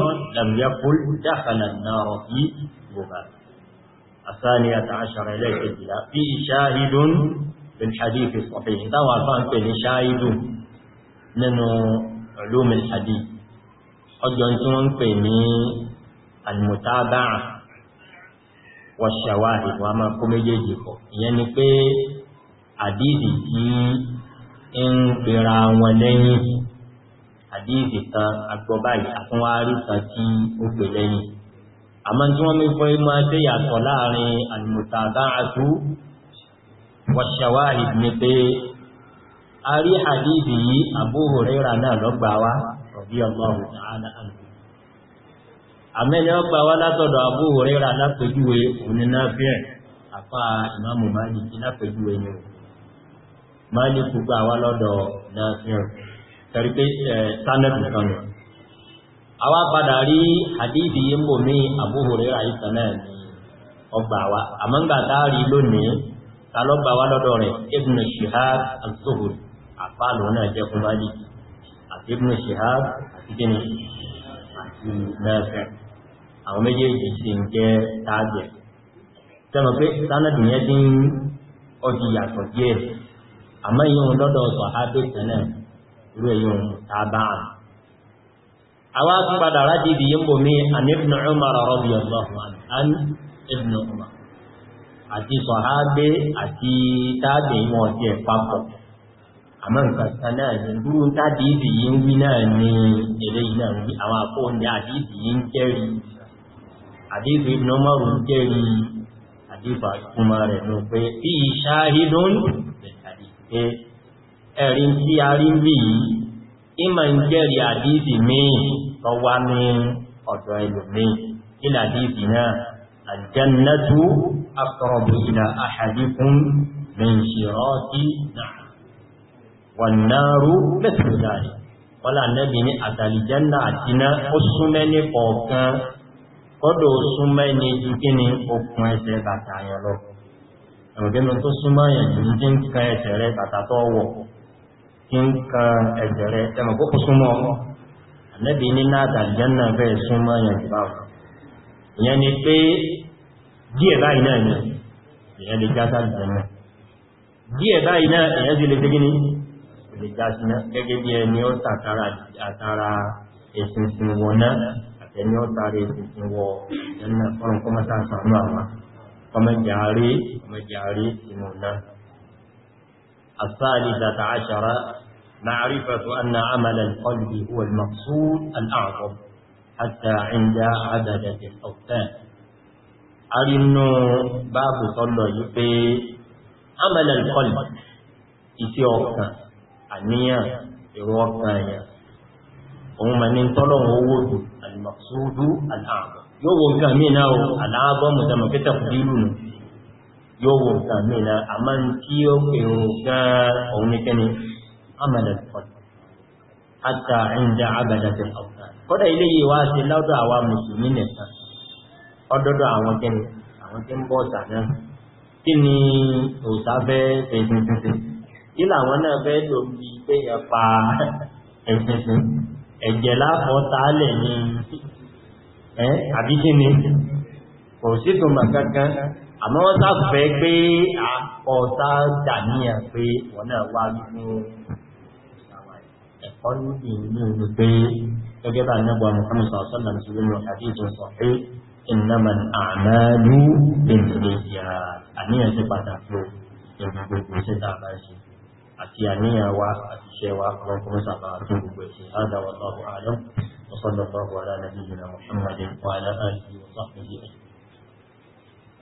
الثانية عشر إليك الجلاء فيه شاهد بالحديث الصحيح دعوة فانك لشاهد من علوم الحديث ọjọ́ tí wọ́n ń pè ní almutaba'a wa shawahid wa máa kó méjèèjì pọ̀ ìyẹn ni pé àdíìsì tí ń pera wọn lẹ́yìn àdíìsì kan agbọ́báyìí àtúnwárí kan tí ó pè lẹ́yìn àmọ́ tí wọ́n mú fún ẹmọ́ ẹgbẹ́ yàtọ̀ láàrin almutaba'atu washawahid ní pé a rí hadithi yìí Abu Hurairah náà lọ́gbà wá radiyallahu ta'ala anhu àmẹ́ni ọgbà Abu Hurairah lápẹjúwe òníná fíẹ̀ àpá ìmáàmù Málìkì lápẹjúwe ni o Málìkì gbà wá lọ́dọ̀ náà fíẹ̀ tẹ̀rí pé sanad nìkan àwa padà rí hadithi yìí ń bò mí Abu Hurairah ìtàn náà ní ọgbà wa àmọ́ngbà tá a rí lónìí ta ló gbà wá lọ́dọ̀ rẹ̀ Ibn Shihab al-Zuhri àpá lòun náà jẹ́ fún wájú àti Ibn Shihab àti gíní àti mẹ́fẹ́ àwọn méjèèjì sì ń jẹ́ táàgẹ̀ tẹ́mọ̀ pé sánàdì yẹn ti ń ọdí yàtọ̀ díẹ̀ àmọ́ ìyóhun lọ́dọ̀ sọ̀hábẹ́ tẹ́lẹ̀ irú èyí ohun tá a bá àrùn àwa padà rájì bí yí ń bò mí an ibn umar radiyallahu anhu an ibn umar àti sọ̀hábé àti tábì wọn ọ̀tí ẹ̀ papọ̀ àmọ́ nǹkan kan náà ní dúró tábì ìdì yí ń wí náà ní èdè yìí náà wí àwọn àpò oúnjẹ àdìdì yí ń jẹ́rì àdìdì ibn umar ń jẹ́rì àdìbà ìkúmọ̀ rẹ̀ ló pé bí ìṣáhídùn ẹ̀rí tí a rí bí yìí ìmọ̀ ń jẹ́rìí àdíìsì míì tó wá ní ọ̀dọ̀ ẹlòmíì kí làdíìsì náà àjẹ́nẹ́tú aqrabu ila ahadikum min shirati náà wọ̀n náà rú mẹ́sìlẹ̀ wọ́la nẹ́bì ní àtàlìjẹ́nà àti iná ó súnmẹ́ ní ọ̀kan kọ́dọ̀ ó súnmẹ́ ní ìdíkí okùn ẹsẹ̀ bàtà yẹn lọ ẹ̀rọ̀dẹ́nu tó súnmọ́ yẹn ní jíǹkan ẹsẹ̀ rẹ bàtà tó wọ̀ nǹkan ẹ̀jẹ̀ rẹ̀ ẹmọ̀ kókò súnmọ́ ànẹ́bí nínú àtàlìjánà bẹ́ẹ̀ súnmọ́ yẹn jù báwọn ìyẹn ni pé díẹ̀ báyìí náà ni ìyẹn lè já sàlìjánà díẹ̀ báyìí náà ìyẹn sì lè dégíní lè já sí náà gẹ́gẹ́ bí ẹni ó tàtàrà àtàrà èsìnsìn wọn náà àtẹni ó tàrà èsìnsìn wọ náà fọ́nà kọ́mọ́sà àwọn ọmọ jàárí ọmọ jàárí ìmọ̀ náà الثالثة عشرة معرفة أن عمل القلب هو المقصود الأعظم حتى عند عددة الأوثان أرنو باب صلى يبي عمل القلب إتيوكا أنيا إروكايا ومن من طلعه المقصود الأعظم يوم كامينه الأعظم كتب دينه yóò wọ nǹkan mìíràn àmá ń tí ó pèrò gan òun ní kẹ́ni amàdàtì fọ́n àtà ìjà àbàdàtì fọ́n kọ́dà ilé yìí wá sí lọ́dọ̀ àwa mùsùlùmí nìkan ọdọ́dọ̀ àwọn kẹ́ni àwọn tí ń bọ́ ọ̀sà náà kí ni òòsà fẹ́ fẹ́fẹ́fẹ́ kí làwọn náà fẹ́ lò bí péyàn pa ẹ̀fẹ́fẹ́ ẹ̀jẹ̀ láfọ́ tálẹ̀ ni àbí kí ni kò sí tó mà kankan àmọ́ wọ́n sáfẹ́ pé ọ̀tá dàníyàn pé wọ́n náà wá fún ẹ̀kọ́ níbi ìlú ìlú pé gẹ́gẹ́ bá nẹ́bọ̀ Muhammad sọ̀sọ́nà ìṣúlẹ̀mọ̀ àti ìjọsọ̀ pé innamal a'malu binniyya àníyàn sí pàtàkì ìrìn gbogbo sí tàbá sí àti àníyàn wa àti iṣẹ́ wa àwọn kọmọ sàbà tó gbogbo ẹ̀sì hádà wallahu a'lam wa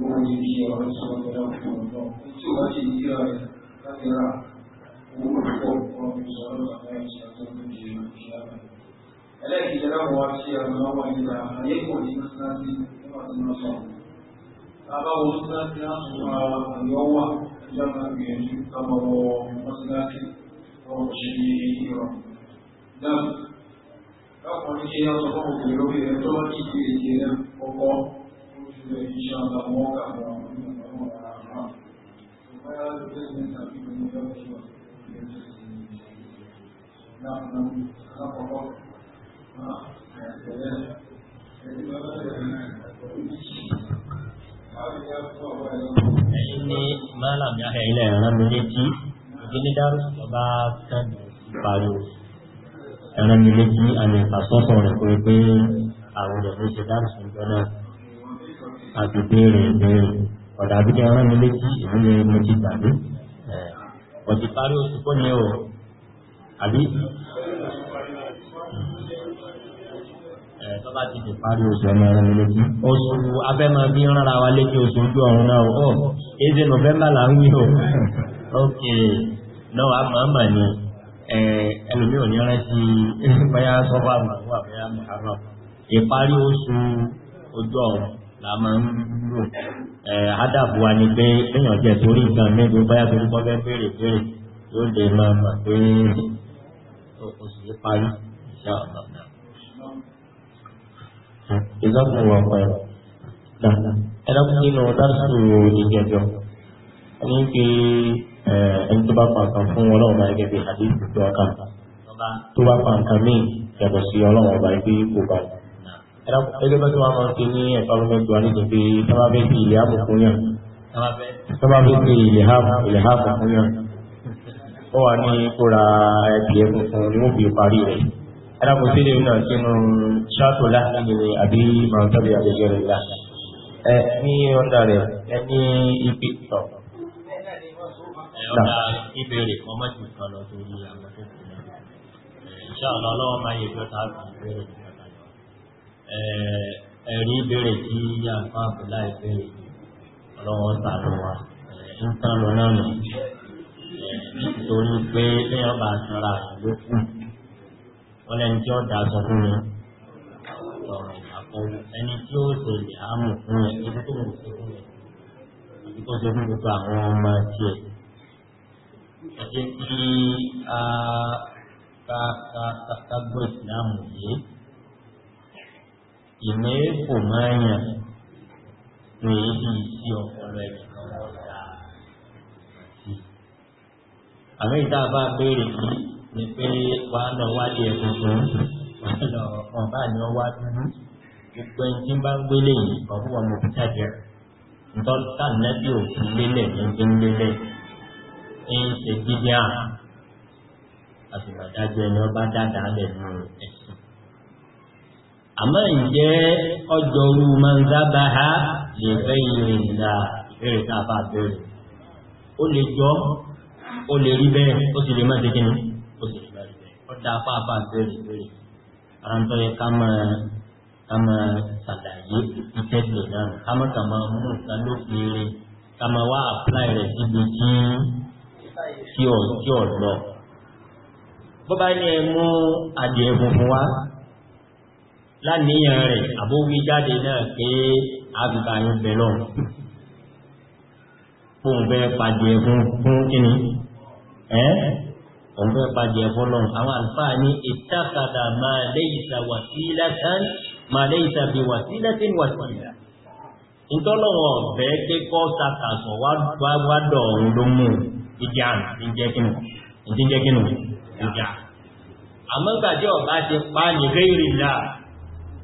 wọ́n ti fi ọ̀rọ̀ sọ̀rọ̀ tẹ́lá fún ọ̀dọ́ tí wọ́n ti di ọ̀rẹ́ láti rà owó púpọ̀ wọn fi sọ̀rọ̀ bàbá ìṣẹ́ tó ń di ìṣẹ́ rẹ̀. ẹlẹ́kìtì láwọn wá sí àwọn ọmọ ìlà ayé kò ní mọ́sáàsì nígbà tí wọ́n sọ. bàbá wo mọ́sáàsì láti wá àyọ̀ wà ẹjọ́ máa gbìyànjú kábọ̀ wọ mọ́sáàsì ọmọ òṣèlú èyí rọ̀. dáàbò lọ́kùnrin ṣe yàtọ̀ fún òkè lórí ẹ̀ tó wá ní ìgbé inshallah wọ́n kà wọ́n Ẹni málàmì ahẹ́ ilẹ̀ ẹ̀rán mi létí, ìdílé dárúsù lọ́bá tẹ́lù ìparí ẹ̀rán mi létí àmì ìfàsọ́sọ̀ rẹ̀ pé pé àwọn ẹ̀rọ ìṣẹ̀dárùsù ń jọ náà àti béèrè béèrè eh, ọ̀dà bí kẹ́ rán mi létí ìwé mo ti gbàgbé ọ̀dì eh, parí oṣù kọ́ ni o àbí eh, tọ́ba ti di parí oṣù ẹ̀mọ ẹ̀rọ mi létí oṣù abẹ́mọ bí rárá wa létí oṣù ojú ọ̀run náà ó oh, èdè nọ́fẹ́mbà là ń wí o ok náà àmọ́ àmọ́ ni ẹlòmí ò ní rántí bóyá sọ́fà àmọ́ àbẹ́yà mọ̀ àrọ̀ ìparí oṣù ojú ọ̀run la máa ń lò ẹ ádàbò wa ni pé èèyàn jẹ torí nǹkan mi ló báyà torí kọ́ fẹ́ béèrè béèrè yóò lè máa mọ̀ pé o sì yé parí ìṣá ọ̀nà náà. ìjọba wà pẹ̀lú ẹlẹ́kùn nínú dárúsù ìjẹjọ ní pé ẹni tó bá pa nǹkan fún ọlọ́run máa gẹ́gẹ́ bí àdéhùn tó ọkà tó bá pa nǹkan míì yàtọ̀ sí ọlọ́run ọba ibi kò bá yìí ẹgbẹ́ bá tí wọ́n máa fi ní environment wa nítorí pé sábà fẹ́ fi ilẹ̀ ààbò fún yàn sábà fẹ́ fi ilẹ̀ ààbò fún yàn ó wà ní kóra ẹgbẹ́ funfun ni wọ́n fi parí rẹ̀ ẹ̀dàkùn sí ilé náà sínú ṣáàtò láàrin ni àbí máa tọ́bi àgbègbè rẹ̀ là ẹ ní ọ̀dà rẹ̀ ẹ ní ibi tọ̀. ọ̀dà ìbéèrè kan mọ́jú kan lọ torí àwọn tó kù náà ṣáà lọ́wọ́ máa yẹ ẹ̀rí ìbéèrè tí yà ń fà bù láì béèrè ọlọ́wọ́ sàánú wa ń tán lọ náà nù eh, nítorí pé lẹ́yìn ọba àtúnra ló kù wọ́n lẹ́ni tí ó dà sọ fún mi ọ̀rọ̀ ìyàpọ̀ ẹni tí ó ṣe lè hámù fún ẹ ibi tó ń ṣe fún ẹ ibi tó ṣe fún gbogbo àwọn ọmọ tiẹ̀ ẹ̀jẹ̀ kí ká gbọ́ ìsìlámù yìí ìní kò máa yàn ní ibi tí ọpọlọ ẹ̀jẹ̀ kan wọ́n Àmì ìta béèrè kí ni pé wàá lọ wádìí ẹ̀kùnkùn lọ ọ̀bá ni ọ wá dúdú. Gbogbo ẹni tí ń bá ń gbélé yìí, ọ̀hún ọmọ òkúta jẹ. Ntọ́ nẹ́bí òfin lélẹ̀ ní ti ń lélẹ̀. Ń ṣe dídí àrùn. Àtìgbàdájọ ẹni ọba dáadáa lẹ̀ nù ẹ̀sìn àmọ́ ìjẹ́ ọjọ́rú manzabaha lè fẹ́ ìrìn ìlà ìrìn tàbà bẹ̀rẹ̀ ó lè jọ ó lè rí bẹ́ẹ̀ ó sì lè má ṣe kíni ó sì lè má rí bẹ́ẹ̀ ó dá fáfá bẹ̀rẹ̀ bẹ̀rẹ̀ ara ń tọ́yẹ ká máa ká máa ṣàlàyé ìtẹ́gbẹ̀ náà ká máa kà máa mú nǹkan lófin ká máa wá àpláì rẹ̀ síbi tí tí ọ̀ lọ. bó bá ní mú adìẹ funfun wá láníyàn rẹ̀ àbówí jáde náà pé àbìbà yóò bẹ̀ lọ fún bẹ́ pàdé ẹ̀fún fún kíni ẹ́ òun bẹ́ pàdé ẹ̀fún lọ àwọn àlfáà ní ìtàkàdà máa lẹ́yìsà wàsílátán máa lẹ́yìsà bí wàsílátán wàsílá ìtọ́lọ́wọ̀ ọ̀bẹ́ pé kọ́ sàkàsọ̀ wádọ̀ òun ló mú ìjà ìjẹ́ ìjà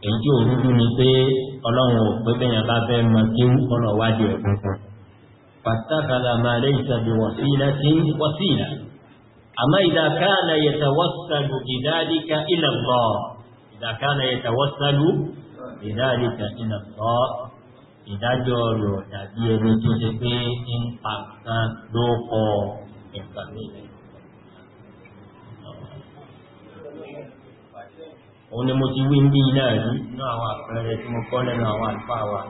èyí tí ò rújú ni pé ọlọ́run ò pé bẹ́yàn bá fẹ́ mọ kí ọ̀nà wájú ẹ̀ fàtàkàlà máa lè ìsàbí wọ̀sílẹ̀ sí wọ̀sílẹ̀ àmọ́ ìdàkánà yẹtawọ́sàlù ìdáríkà ilẹ̀ lọ ìdàkánà yẹtawọ́sàlù ìdáríkà ilẹ̀ lọ ìdájọ́ rẹ̀ dàbí ẹni tó ṣe pé ń pa nǹkan ló kọ ẹ̀kàmílẹ̀ òun ni mo ti wí ní náà rí inú àwọn àpẹẹrẹ tí mo kọ́ lẹ́nu àwọn àlùfáà wa wọn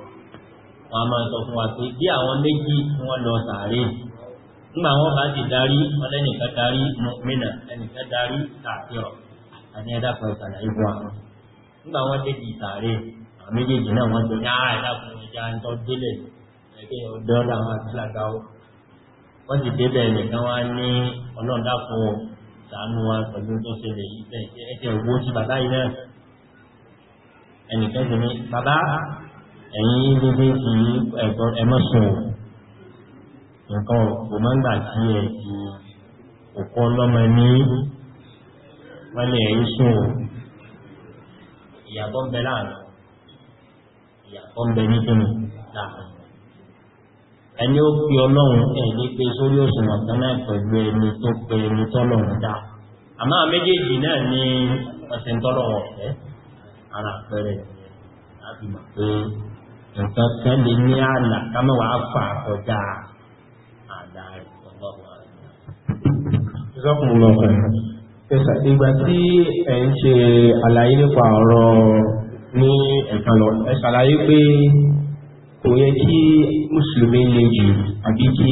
a máa sọ fún wa pé bí àwọn méjì tí wọ́n lọ sàárè nígbà wọn bá ti darí wọn lẹ́nìkan darí mọ́mìnà ẹnìkan darí sàkírọ̀ àti ẹ̀dá kan ìsàlàyé fún wa nígbà wọn dé di sàárè àwọn méjèèjì náà wọ́n jọ ní ara ẹ̀dá kan ìjà ń tọ́ délẹ̀ ẹgbẹ́ ọ̀dọ́ làwọn àgbàlagbà sànù wa pẹ̀lú tó ṣẹlẹ̀ yìí tẹ̀ ẹ̀kẹ́ owó sí bàbá yìí náà ẹnìkan sì ní bàbá ẹ̀yìn gbogbo ti ẹ̀kọ́ ẹ̀mọ́sùn nǹkan kò máa ń gbà sí ẹ̀ ti òkú ọlọ́mọ ní wọ́n lè ẹ̀yìn sùn ìyàbọ̀ ń bẹ láàrin ìyàbọ̀ ń bẹ nítorí láàrin ẹni ó pe ọlọ́run ẹ̀dí pé sórí òṣùwọ̀n kan náà pẹ̀lú ẹni tó pe ẹni tọ́lọ́run dá àmọ́ méjèèjì náà ni ọ̀sẹ̀ ń tọ́lọ́run ọ̀fẹ́ ara pẹ̀rẹ̀ láti mọ̀ pé nǹkan kan lè ní àlà kámẹ́wàá fà kọjá àlà rẹ̀ tọ́lọ́run àlà. ìsọkùnrin lọ fẹ́ ìgbà tí ẹ̀ ń ṣe àlàyé nípa ọ̀rọ̀ ní ẹ̀ka lọ ẹ̀ ṣàlàyé pé kò yẹ kí mùsùlùmí le jù àbí kí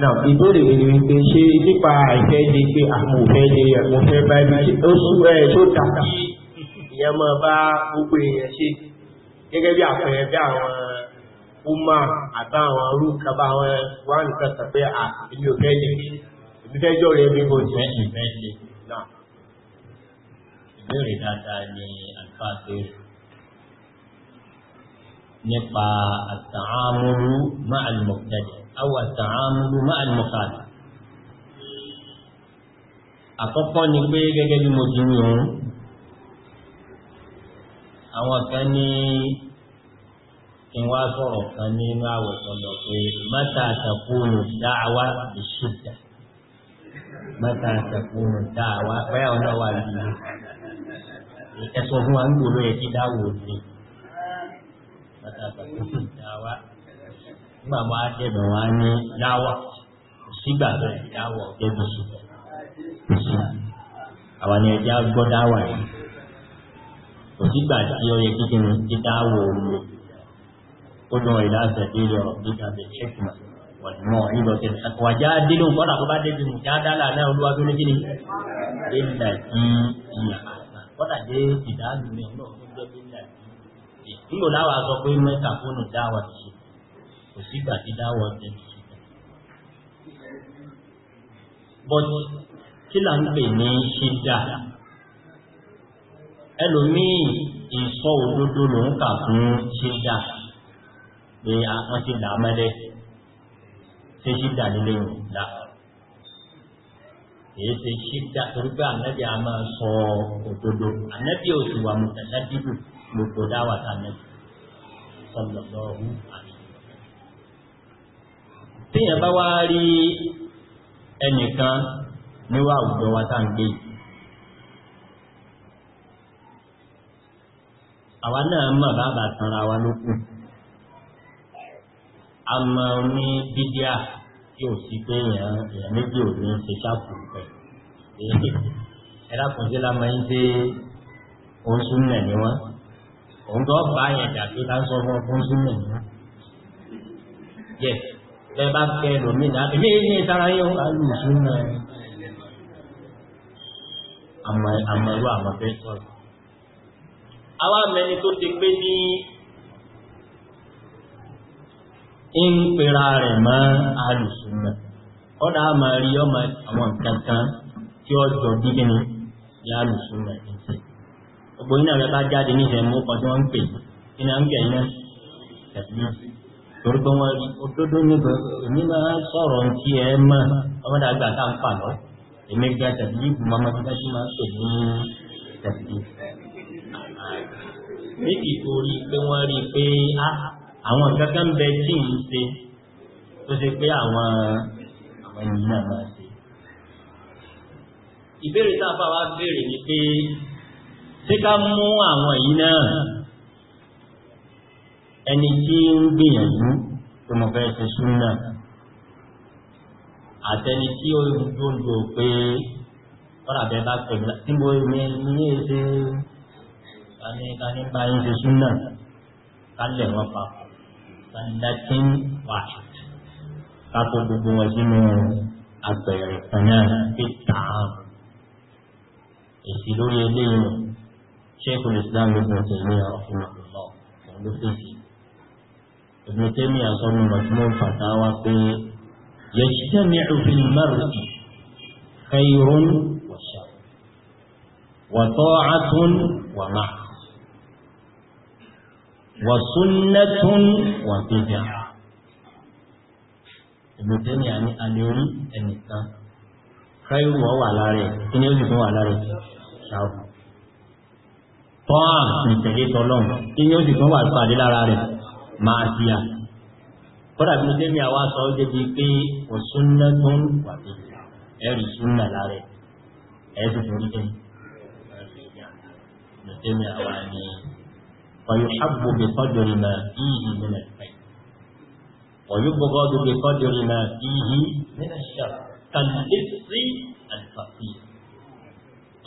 náà ìbéèrè mi ni wípé ṣé nípa àìfẹ́ di pé àwọn ah, òfẹ́ di àwọn òfẹ́ báyìí ó sún ẹ̀ tó dà kí ìyẹn máa bá gbogbo èèyàn ṣe gẹ́gẹ́ bí àpẹẹrẹ bí àwọn ọmọ àbá àwọn orúkọ bá àwọn wà nǹkan tàn pé à ah, èmi ò fẹ́ lè èmi fẹ́ jọ́ rẹ̀ kò jẹ́ ìbéèrè dáadáa ni àlùfáà béèrè nípa àtàámúrú máàlì mọ̀tẹ́lẹ̀ àwọn àtàámúrú máàlì mọ̀tẹ́lẹ̀. àkọ́kọ́ ni pé gẹ́gẹ́ bí mo ti rí òun àwọn kan ní ìwà sọ̀rọ̀ kan nínú àwọ̀ sọ̀rọ̀ pé mẹ́ta àtàkùnrin dáàwá lè ṣùdà mẹ́ta àtàkùnrin dáàwá bẹ́ẹ̀ ọ̀nà wà lè ẹ̀sọ̀ fún wa ń gbòòrò ẹ̀ kí dáwò ní àtàkùn ìdáwà nígbà wọn á dẹ̀bẹ̀ wọn á ní dáwà sígbà bẹ́ẹ̀ dáwà ọ̀jẹ́ gbèsè gbèsè àwọn ni ẹja gbọ́ dáwà yìí kò sígbà tí ó yẹ kíkí ni kí dáwà òru ó dùn ìlà àtẹ̀dé ọ̀rọ̀ gíga bẹ̀ ṣẹ́kùnà wọ̀nà ìlọ tẹ̀lé àkọwàjá dínú kọ́nà tó bá débi mùjádálà náà olúwa tó ní kíni ilẹ̀ tí ìyà àgbà kọ́nà dé ìdánilẹ̀ náà tó jẹ́ bí nígbò láwà sọ pé mẹ́ta fóònù dáwà ti ṣe kò sígbà tí dáwà ti ṣe. but kí là ń pè ní ṣídà ẹlòmíì ìsọ òdodo ló ń kà fún ṣídà pé wọ́n ti dà mẹ́lẹ́ ṣé ṣídà nílé yìí dà èyí ṣe ṣídà torí pé ànábì a máa sọ òdodo ànábì òṣùwà mùtàṣá dídùn gbogbo dáwà tá a nẹ́bi sọlọ́dọ̀ ọ̀hún àmì. téèyàn bá wá rí ẹnìkan níwá àwùjọ wa tá à ń gbé yìí. àwa náà mọ̀ bàbá tanra wa ló kù a mọ ní dídíà tí ò sí pé èèyàn èèyàn méjì ò ní ṣe ṣáàpù pẹ̀ ẹ̀rọ àkùnjẹ́ la máa ń ṣe oṣù nẹ̀ ni òun tó bá yẹn dàbí bá ń sọ fún ọkùnrin sí mi nìyẹn yẹ bẹ bá fẹ lómi náà èmi ní ìtara yóò bá lù sí mi àmọ́ àmọ́ ìlú àmọ́ fẹ sọ̀rọ̀ àwa mẹni tó ti pé ní ń pera rẹ̀ mọ́ alùsùnmọ̀ ọ̀dà máa rí ọmọ àwọn nǹkan tí ó jọ gígé ni ní alùsùnmọ̀ ìṣẹ̀lẹ̀ gbogbo iná rẹ bá jáde ní ìṣẹ̀mú ọdún ń pè iná ń jẹ iná ẹ̀sìn náà torí pé wọ́n òdodo níbẹ̀ èmi máa sọ̀rọ̀ tí ẹ mọ̀ ọmọdàgbà tá ń fà lọ èmi gba tẹ̀sí yìí bùnmọ́ ọmọ tó bá ṣe máa ń pè ní tẹ̀sí. méjì torí pé wọ́n rí i pé àwọn kankan ń bẹ tí ń ṣe tó ṣe pé àwọn àwọn náà máa ṣe. ìbéèrè tá fà wá béèrè ni pé tí ká mú àwọn yìí náà ẹni tí ń gbìyànjú tó mọ̀ fẹ́ ṣe súnà àtẹni tí ó dúndò pé ọ̀rọ̀ àbẹ́ bá pè mí tí mo ní ní èdè kání kání bá yín ṣe súnà kálẹ̀ wọn papọ̀ sandatin wahid kákó gbogbo wọn sínú agbẹ̀rẹ̀ kan náà ti tàn án èsì lórí eléyìí شيخ الإسلام ابن تيمية رحمه الله pẹ̀lú fèsì ابن تيمية sọ́nù mọ̀tún fàtàwà pé يجتمع في المرء خير وشر وطاعة ومعصية وسنة وبدعة ابن تيمية يعني أليوري أنيكا خير وهو على رأيه إن يجب هو على رأيه tọ́hàn ìtẹ̀lé tọ́lọ́n kí ni ó sì tún wà pàdé lára rẹ̀ máa di à. kódà bí ṣé ní àwa sọ débi pé kò súnná tó ń wà bí ẹrù súnná lára ẹ̀ ẹ̀ tó torí jẹ́ ṣé ní àwa ni ويحب بقدر ما فيه من الخير ويبغض بقدر ما فيه من الشر كالإصري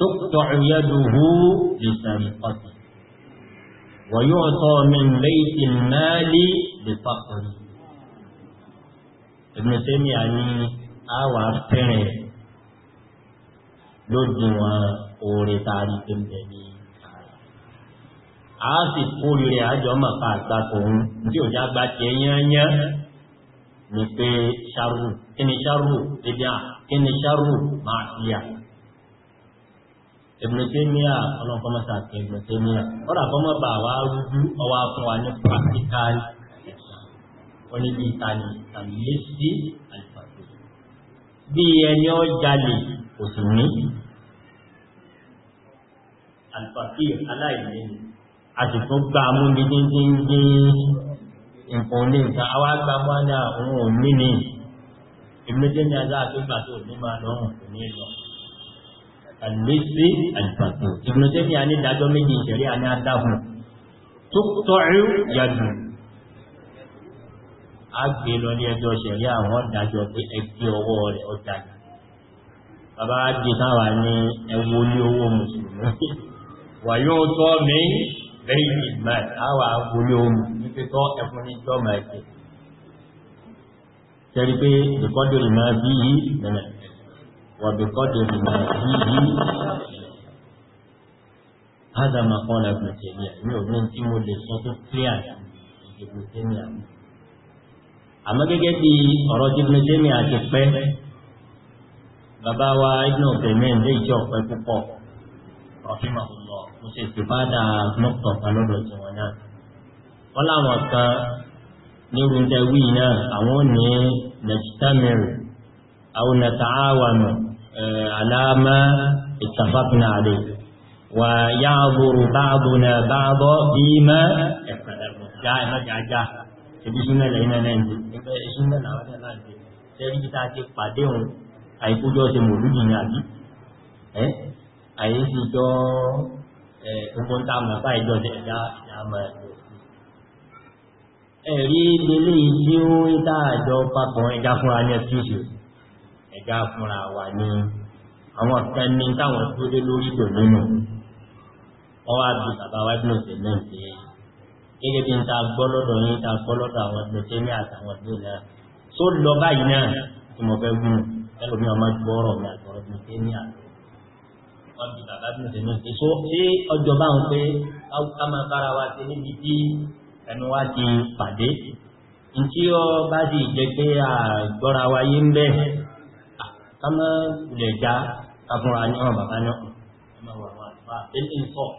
تقطع يده لسرقته ويعطى من بيت المال بفقره ابن تيمية ní àwà fẹ́rẹ̀ lódiwọ̀n oore tààrí tó ń bẹ ní a sì kórì rẹ̀ àjọ máa fa àgbàkò ohun tí ò já gba tiẹ̀ yányá ni pé ṣarú kí ni ṣarú bíbíà kí ni ṣarú máa fi àgbà Ibnu Taymiyyah ọlọ́kọ́mọ́sá àti Ibnu Taymiyyah ọ̀rọ̀ àkọ́mọ́bà wa rújú ọwọ́ fún wa ní practical exam wọ́n ní bí ìtàní tàbílẹ́sì àlùfàtò bí ẹni ọ jalè kò sì ní àlùfàtì aláìní àtìkú gba amúni díndíndín nǹkan ní nǹkan àwa gba mọ́nà òun ò ní ní Ibnu Taymiyyah àti ìgbà tó ní máa lọ́rùn kò ní lọ àlèsè àlìfàtò ìbùnújẹ́ ní àní ìdájọ́ méjì ìṣẹ̀rí àní adáhùn tó tọ́rù yàjù àgbè lọ ní ẹjọ́ ìṣẹ̀rí àwọn ìdájọ́ pé ẹgbẹ́ ọwọ́ rẹ̀ ọjà bàbá àgbè táwà ní ẹwọ ní owó mùsùlùmí wà yóò tọ́ mi bẹ́ẹ̀ ìgbà táwà àgbò ní owó tọ́ ẹkùn ní jọ́mọ̀ ẹ̀kẹ́ وبقدر ما فيه هذا ما قال ابن تيمية ابن تيمية اللي صوته كليان ابن تيمية أما جدي أراد ابن تيمية أتفهم bàbá wa ibn ọ̀bẹ̀mẹ́rin lè jẹ́ ọ̀pẹ púpọ̀ ọ̀fíìmọ̀ ọ̀lọ́ mo ṣe ìfipádà mọ́tò kan lọ́dọ̀ tí wọ́n náà wọ́n láwọn kan nírú ń tẹ́wí náà àwọn ò ní nàìjíríà mẹ́rin àwọn nàìjíríà wà náà علامة اتفقنا عليه ويعذر بعضنا بعضا فيما جاء ما جاء جاء ebi sunna lẹ́yìn náà ń di ẹgbẹ́ sunna làwọn náà náà ń di sẹbi tí a ti pàdé òun àìkójọ ti mò lùdì ní àbí ẹ àyè ti jọ ẹ gbogbo ń ta mọ bá ìjọ tẹ ẹ̀dá ẹ̀dá mọ ẹ̀dá ẹ̀dá fúnra wa ní àwọn kan ní táwọn tó dé lórí tò nínú ọwọ́ àbí bàbá wa dùn sí náà pé gẹ́gẹ́ bí n ta gbọ́ lọ́dọ̀ yín ta gbọ́ lọ́dọ̀ àwọn tó ní àtàwọn tó náà tó lọ báyìí náà tí mo fẹ́ gún ẹlòmí ọmọ gbọ́rọ̀ mi àtọ̀rọ̀ tó ní àtọ̀ wọ́n bàbá dùn sí náà pé ṣé ọjọ́ báwọn pé ká máa bára wa ṣe níbi tí ẹnu wa ti pàdé ntí ọ bá di ìjẹ́ pé àgbọ́ra wa yé bẹ́ẹ̀. kámẹ́ ilẹ̀ já afúnra ní ọ̀rọ̀ bàbá náà ẹmọ wà wà fà ètò ìfọ̀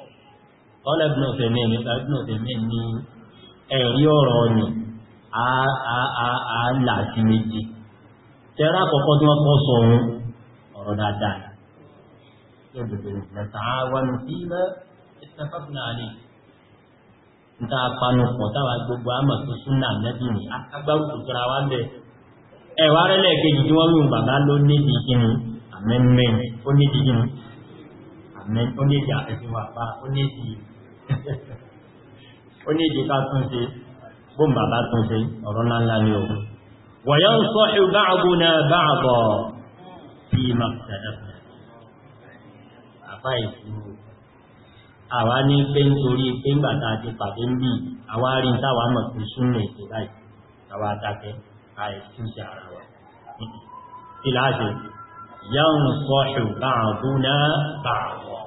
kọ́lẹ̀ bí náà fẹ̀mí ẹ̀mí bá bí náà fẹ̀mí ní ẹ̀rí ọ̀rọ̀ ni a là sí méjì tẹ́rà àkọ́kọ́ tí wọ́n kọ́ gbogbo àmọ̀ tó súnà nẹ́bí ni akagba tọ́ra ẹ̀wà rẹ̀lẹ̀ kejì tí wọ́n lòun bàbá ló nídi gínú àmẹ́mẹ́rin ó nídi gínú ó nídi àfẹ́síwàpá ó nídi ká tún ṣe bó bàbá tún ṣe ọ̀rọ̀ ńláńlá ni o wọ̀yọ́ ń sọ ìgbà àbúnà bá àbọ̀ bí i máa tẹ̀lẹ̀ àbá ìṣúró àwa ní pé nítorí pé ńgbà tá a pàdé ń bì àwa rí táwa mọ̀ pé súnmọ̀ ètò báyìí àìtúnṣe ara wa ìlàáṣe yáwọn sọ́ṣù báàbúná báàwọ̀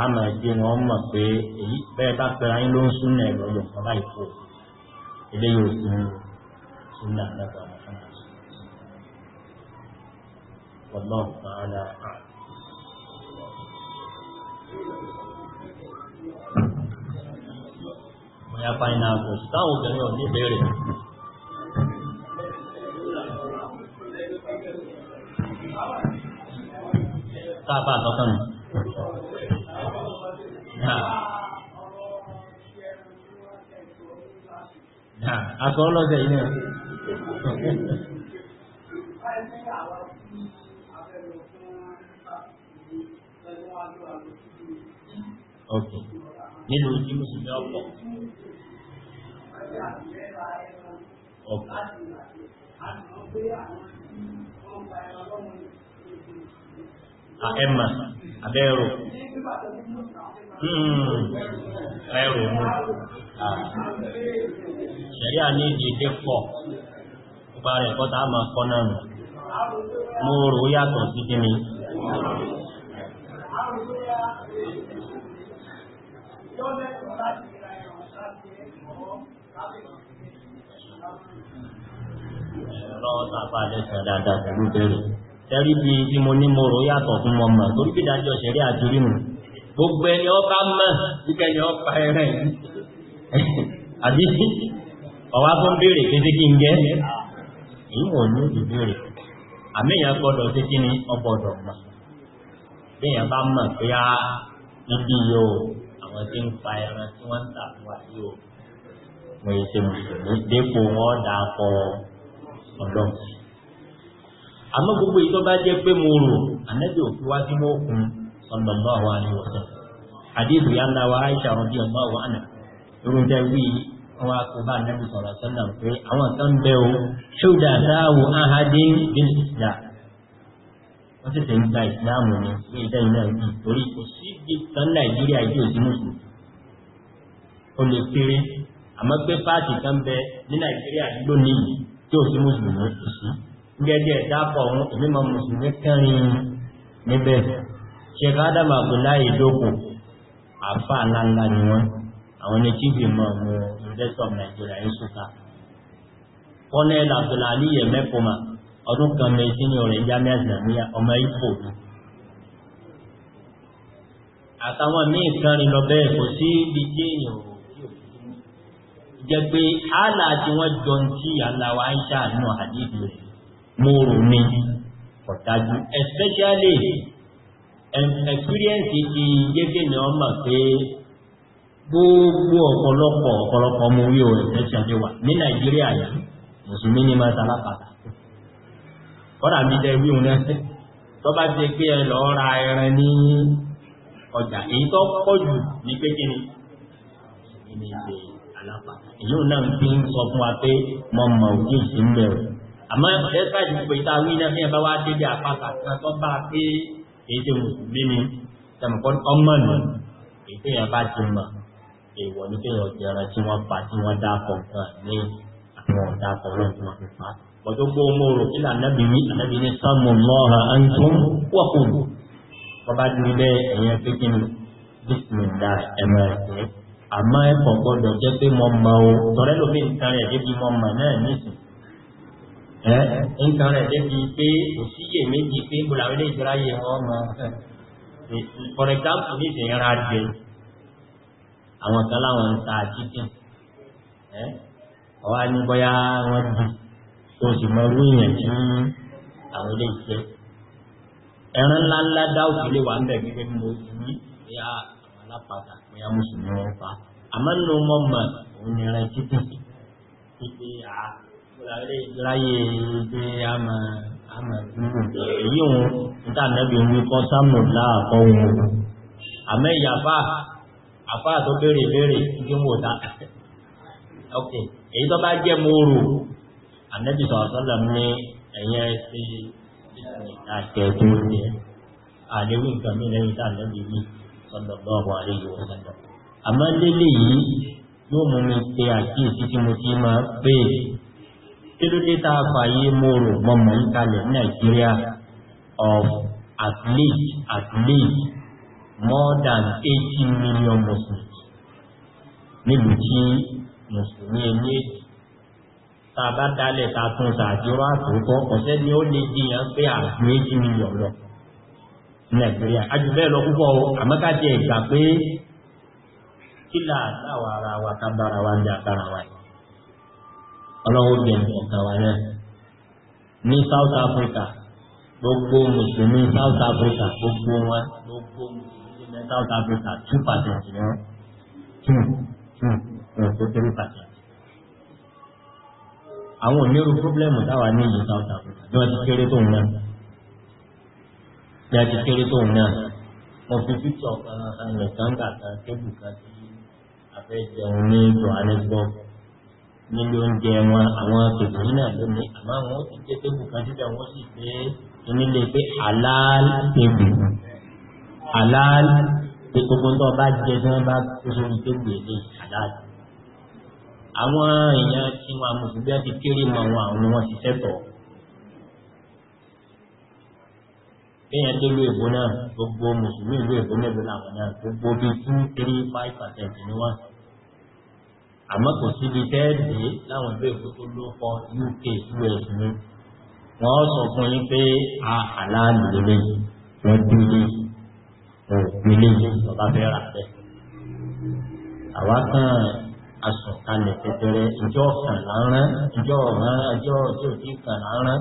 a máa jẹ́ wọn mọ̀ pé èyí bẹ́ẹ̀ bá pẹ̀lú ayé ló ń súnà ẹ̀rọ yóò báyìí kò eléyìí ò sí súnà lẹ́gbàá wọn fún mi. sábà àtọ́tọ́ nù. Àṣọ ọlọ́sẹ̀ yìí náà. Ok. Nílùú tí mo sì ọ̀pọ̀. Ok. ẹ̀mà abẹ́rò hmm. ẹ̀rò mú ṣẹ̀rí à ní ìdíje pọ̀ nípa rẹ̀ kọ́ta àmà kọ́ náà nù mo rò ó yàtọ̀ sí kí ni Ọlọ́wọ́ tàbá lẹ́sẹ̀ dáadáa pẹ̀lú bẹ̀rẹ̀ ẹ̀rí bí i mo ní mo rò yàtọ̀ fún mọ́ mọ̀ torí ìdájọ́ ṣẹ̀rí àjúrí nù gbogbo ẹni ọba mọ̀ kíkẹ́ ni ọpa ẹ̀rẹ́ àbí ọwá tó ń béèrè kété kí n jẹ́ èyí wọ̀n ní ìbéèrè àmìyàn gbọ́dọ̀ sí kí ni ọgbọ̀dọ̀ mọ̀ béèyàn bá mọ̀ pé á níbi yóò àwọn tí ń pa ẹran tí wọ́n ń tà fún wa yóò wọ́n ṣe mùsùlùmí dépò wọn dà á kọ ọlọ́run àmọ́ gbogbo ìtọ́ bá jẹ́ pé mo rò ànábì ò fi wá sí mọ́ òkun sallallahu alaihi wasallam àdéhùn yá ńlá wa Aisha radiyallahu anha irun tẹ́ wí wọn kò bá ànábì sallallahu islam wọ́n sì ti ń gba ìsìláàmù ni ní ìdá iná ìlú torí kò sí ìtàn Nàìjíríà yìí ò sí mùsùlùmí ó lè kéré àmọ́ pé kan bẹ ní Nàìjíríà lónìí tí ò sí mùsùlùmí sí gẹ́gẹ́ dápọ̀ ọ̀hún ìlímọ̀ mùsùlùmí kẹrin níbẹ̀ ṣe fádàmà abdullahi dókò àfà ńláńlá ni wọ́n àwọn ní chief imam investor of nigeria yusufa kọ́nẹ́l abdullahi yẹ mẹ́kọ́mà ọdún kan mẹ́sí ní ọ̀rẹ́ jamiu islamiyya ọmọ ifo àtàwọn míì kẹrin lọ bẹ́ẹ̀ kò sí ibi tí èèyàn jẹ́ pé àlà tí wọ́n jọ ń tí àlà ń ṣàánú àdídì rẹ̀ mòrò ni ọ̀dájú especially experience ti jẹ́kẹ́ ni wọ́n mọ̀ pé gbogbo ọ̀pọ̀lọpọ̀ ọ̀pọ̀lọpọ̀ mú rí òun ẹ̀sẹ̀ ṣe wà ní nàìjíríà yìí mùsùlùmí ni máa sálápàtà kọ́dà bí jẹ́ wíhun náà tó bá jẹ́ pé ẹ lọ ra ẹran ní ọjà èyí tó pọ̀ jù ní pé kí ni ìní ìṣe alápàtà èyí náà fi ń sọ fún wa pé mọ̀mọ̀ òjì sí ń bẹ̀rẹ̀ àmọ́ ẹ̀ka ìdìbò ìta wí náà fi ẹ̀bá wá débi àpáta kan tó bá pé èyí tó mùsùlùmí ni tẹ̀mọ̀kọ́ ọmọ nù èyí tó yẹn bá ti mọ̀ èèwọ̀ ní kéèyàn jẹran tí wọ́n pa tí wọ́n dá pọ̀ kan ní àwọn ọ̀dà àtọ̀rọ̀ tí wọ́n fi pa. Bọ̀dọ̀ gbọ́ ọmọ rò kí lànàbí ní ànàbí ní sáàmù lọ́ra ń tún wọ́pọ̀lù. Bọ́bá ti bẹ́ ẹ̀yẹn pé kí ni bísímìlá Àmọ́ ẹ̀kọ́ gbọ́dọ̀ jẹ́ pé mo mọ o. Tọ́rẹ́ nǹkan rẹ̀ débi mo mọ̀ náà nísìn ẹ́ nǹkan rẹ̀ débi pé kò síyè méjì pé kò làwọn ilé ìjọra for example ní ìsìn ra jẹ àwọn kan láwọn ń ta chicken ẹ́ ọwá ní bóyá wọ́n jù tó sì mọ orú ìyẹn tí àwọn ilé ìjẹ ẹran ńláńlá dáwùjì lè wà ń ni ẹran chicken pípé àá ah, láyé ibi àmà gbogbo èyí òun níta nẹ́bí ń kọ́ sámù láàkọ́ wọn àmẹ́ ìyàfà àfà tó béèrè béèrè kí wò dá ok èyí tó bá jẹ́ mòrò ànẹ́bí sọ̀rọ̀ sọ́lọ̀ ní ẹ̀yẹ ṣe àkẹ́ẹ̀tò ní àdéhùn nǹkan mi lẹ́yìn tá ànẹ́bí mi sọ̀rọ̀ lọ́wọ́ àríyìn wọn sọ̀rọ̀ àmọ́ lélẹ̀ yóò mú mi pe àkíyèsí tí mo ti máa ń pè é kí ló dé tá a fààyè mòrò mọ̀mọ́ ń kalẹ̀ ní nàìjíríà of at least at least more than eighty million muslims nílùú tí mùsùlùmí ẹni èdè tá a bá dalẹ̀ tá a tún ṣàjọrọ̀ àtòkọ́ ọ̀sẹ̀ ni ó lè jiyàn pé àtún eighty million lọ nàìjíríà àjù bẹ́ẹ̀ lọ púpọ̀ o àmọ́ ká jẹ́ ìgbà pé kí làá dáwọ̀ ara wa ká bára wa ń dá sára wa yìí ọlọ́wọ́ bí ẹ̀kọ́ kàwá náà ní South Africa gbogbo mùsùlùmí South Africa gbogbo wọn gbogbo mùsùlùmí South Africa two percent ni wọn two two wọn tó three percent. àwọn onírú pírọ́blẹ́mù táwa ní ìlú South Africa bí wọ́n ti kéré tóun náà bí wọ́n ti kéré tóun náà mo fi píktọ̀ kan ẹ̀ka ń gà kan tébù kan ní Johannesburg nílé oúnjẹ wọn àwọn kèfèrí náà lónìí àmọ́ àwọn ó ti dé tébù kan síbẹ̀ wọ́n sì pé onílé pé halal tébù halal pé gbogbo ń tọ́ bá jẹ tí wọ́n bá kó sórí tébù èlé halal. àwọn èèyàn tí wọn àmùsùn bí wọ́n ti kéré mọ àwọn àwọn wọn ti sẹ́tọ̀. kéèyàn dé ìlú èbó náà gbogbo mùsùlùmí ìlú èbó náà làwọn náà gbogbo bíi two three five percent ni wọ́n sọ àmọ́ kò síbi tẹ́ẹ̀dì láwọn ilé ìwé tó lóko UK US ni wọ́n sọ fún yín pé a àláàlú lélẹ̀ wọ́n bí ilé ìpínlẹ̀ ìjọba fẹ́ rà bẹ́ẹ̀. àwa kan asọ̀kalẹ̀ tẹ̀tẹ̀rẹ̀ ìjọ kan lárán ìjọ ọ̀rán ìjọ tí ò tí kan lárán.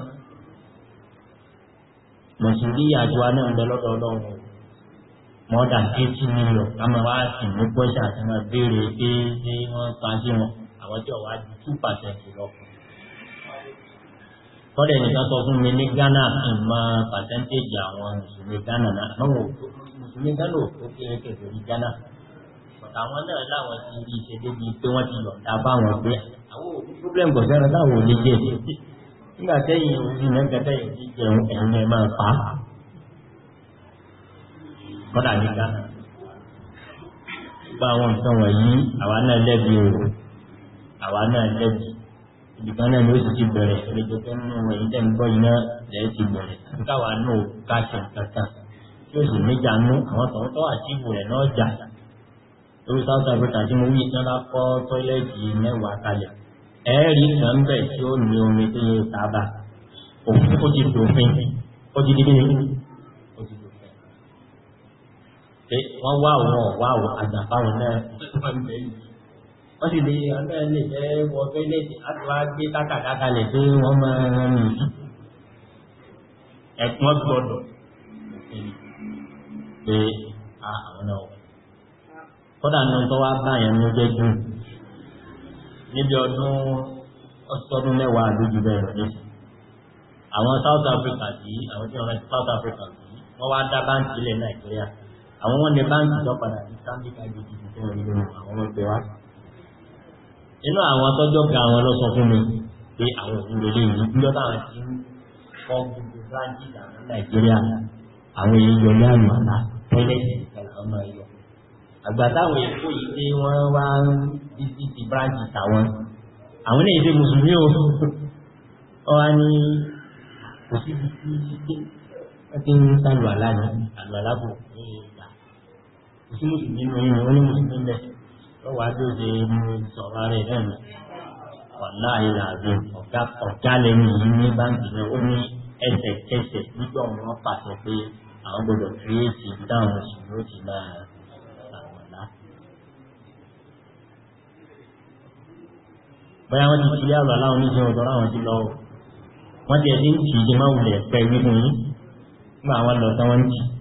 mọ̀sùlùmí àjọ náà ń bẹ lọ́dọ̀ ọlọ́run more than eighty million káma wá sì mú pẹ́ṣà tí wọ́n béèrè pé ṣé wọ́n pàṣẹ wọn àwọn tí ọ̀wá ju two percent lọ. kọ́dẹ̀ nìkan sọ fún mi ní Ghana ìmọ̀ percentage àwọn mùsùlùmí Ghana náà àwọn mùsùlùmí Ghana òkú kéré kẹfẹ́ ní Ghana bàtà àwọn náà láwọn ti rí iṣẹ́ débi pé wọ́n ti yọ̀ǹda báwọn pé àwọn problem kò sẹ́ra láwọn ò ní jẹ́ nígbà tẹ́yìn òfin mẹ́ta tẹ́yìn ti jẹun ẹ̀yin ẹ̀ máa pa á kọ́dà níta gba àwọn nǹkan wọ̀nyí àwa náà lẹ́bi o àwa náà lẹ́bi ìdìkan náà ni ó sì ti bẹ̀rẹ̀ ìrètò tó ń mú èyí tẹ̀ ń gbọ́ iná lẹ́yìn ti bẹ̀rẹ̀ káwa náà ká ṣe kankan tí ó sì níjà nú àwọn tó ń tọ́ àtìwò rẹ̀ náà jà lórí South Africa tí mo wí ìtàn bá kọ́ tọ́lẹ́ẹ̀tì mẹ́wàá kalẹ̀ ẹ̀ẹ́rì kan bẹ̀ tí ó ní omi tó yẹ tábà òfin ó ti dòfin ó ti di kí pé wọ́n wá àwọn ọ̀wá àwọn àjàfáwọn náà wọ́n sì lè ọ̀nà lè fẹ́ wọ fẹ́lẹ́dì láti wá gbé kátàkátà lè pé wọ́n máa rán mi ẹ̀kún gbọ́dọ̀ pé àwọn náà kódà ní ọjọ́ wá báyẹn ní ọjọ́ jù níbi ọdún ọsọdún mẹ́wàá lójú bẹ̀rẹ̀ ní àwọn South Africa yìí àwọn tí wọ́n rẹ̀ South Africa yìí wọ́n wá dá báńkì ilẹ̀ Nàìjíríà àwọn wọn ní báńkì tó padà ní stanbic ibc fún wọn nínú àwọn ọmọ ìpè wa inú àwọn tọ́jọ́ ga àwọn lọ sọ fún mi pé àwọn òfin lè lè yí lọ́dọ̀ àwọn tí ń kọ́ gbogbo báńkì àwọn nàìjíríà àwọn èyí yọ ní àmì àlá tẹ́lẹ̀ ìkàlà máa yọ àgbà táwọn èkó yìí pé wọ́n wá ń bíbí ti báńkì tàwọn àwọn náà èdè mùsùlùmí o wọ́n wá ní kò síbi tí wọ́n ti ń sálù àlá ní àlù àlábò ní tí mo sì ní ní onímọ̀ lọ́wọ́ adóde mú sọ̀rọ̀ rẹ̀ lẹ́nu ọ̀la ìlàjò ọ̀gá ọ̀gá lẹ́nu báńkì náà ó ní ẹsẹ̀kẹsẹ̀ nígbà wọn pàṣẹ pé àwọn gbọdọ̀ kírètì dáhùn sùn ló ti máa àwọ̀lá. bóyá wọ́n ti fi yá àlọ́ aláwọn oníṣẹ́ ọ̀dọ́ láwọn ti lọ wọ́n ti ẹni ń tì máa wulẹ̀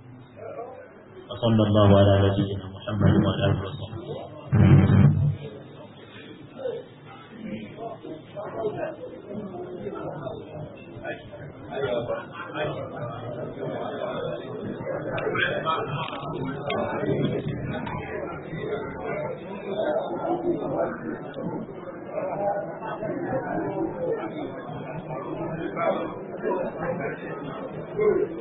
وصلى الله على نبينا محمد وعلى اله وصحبه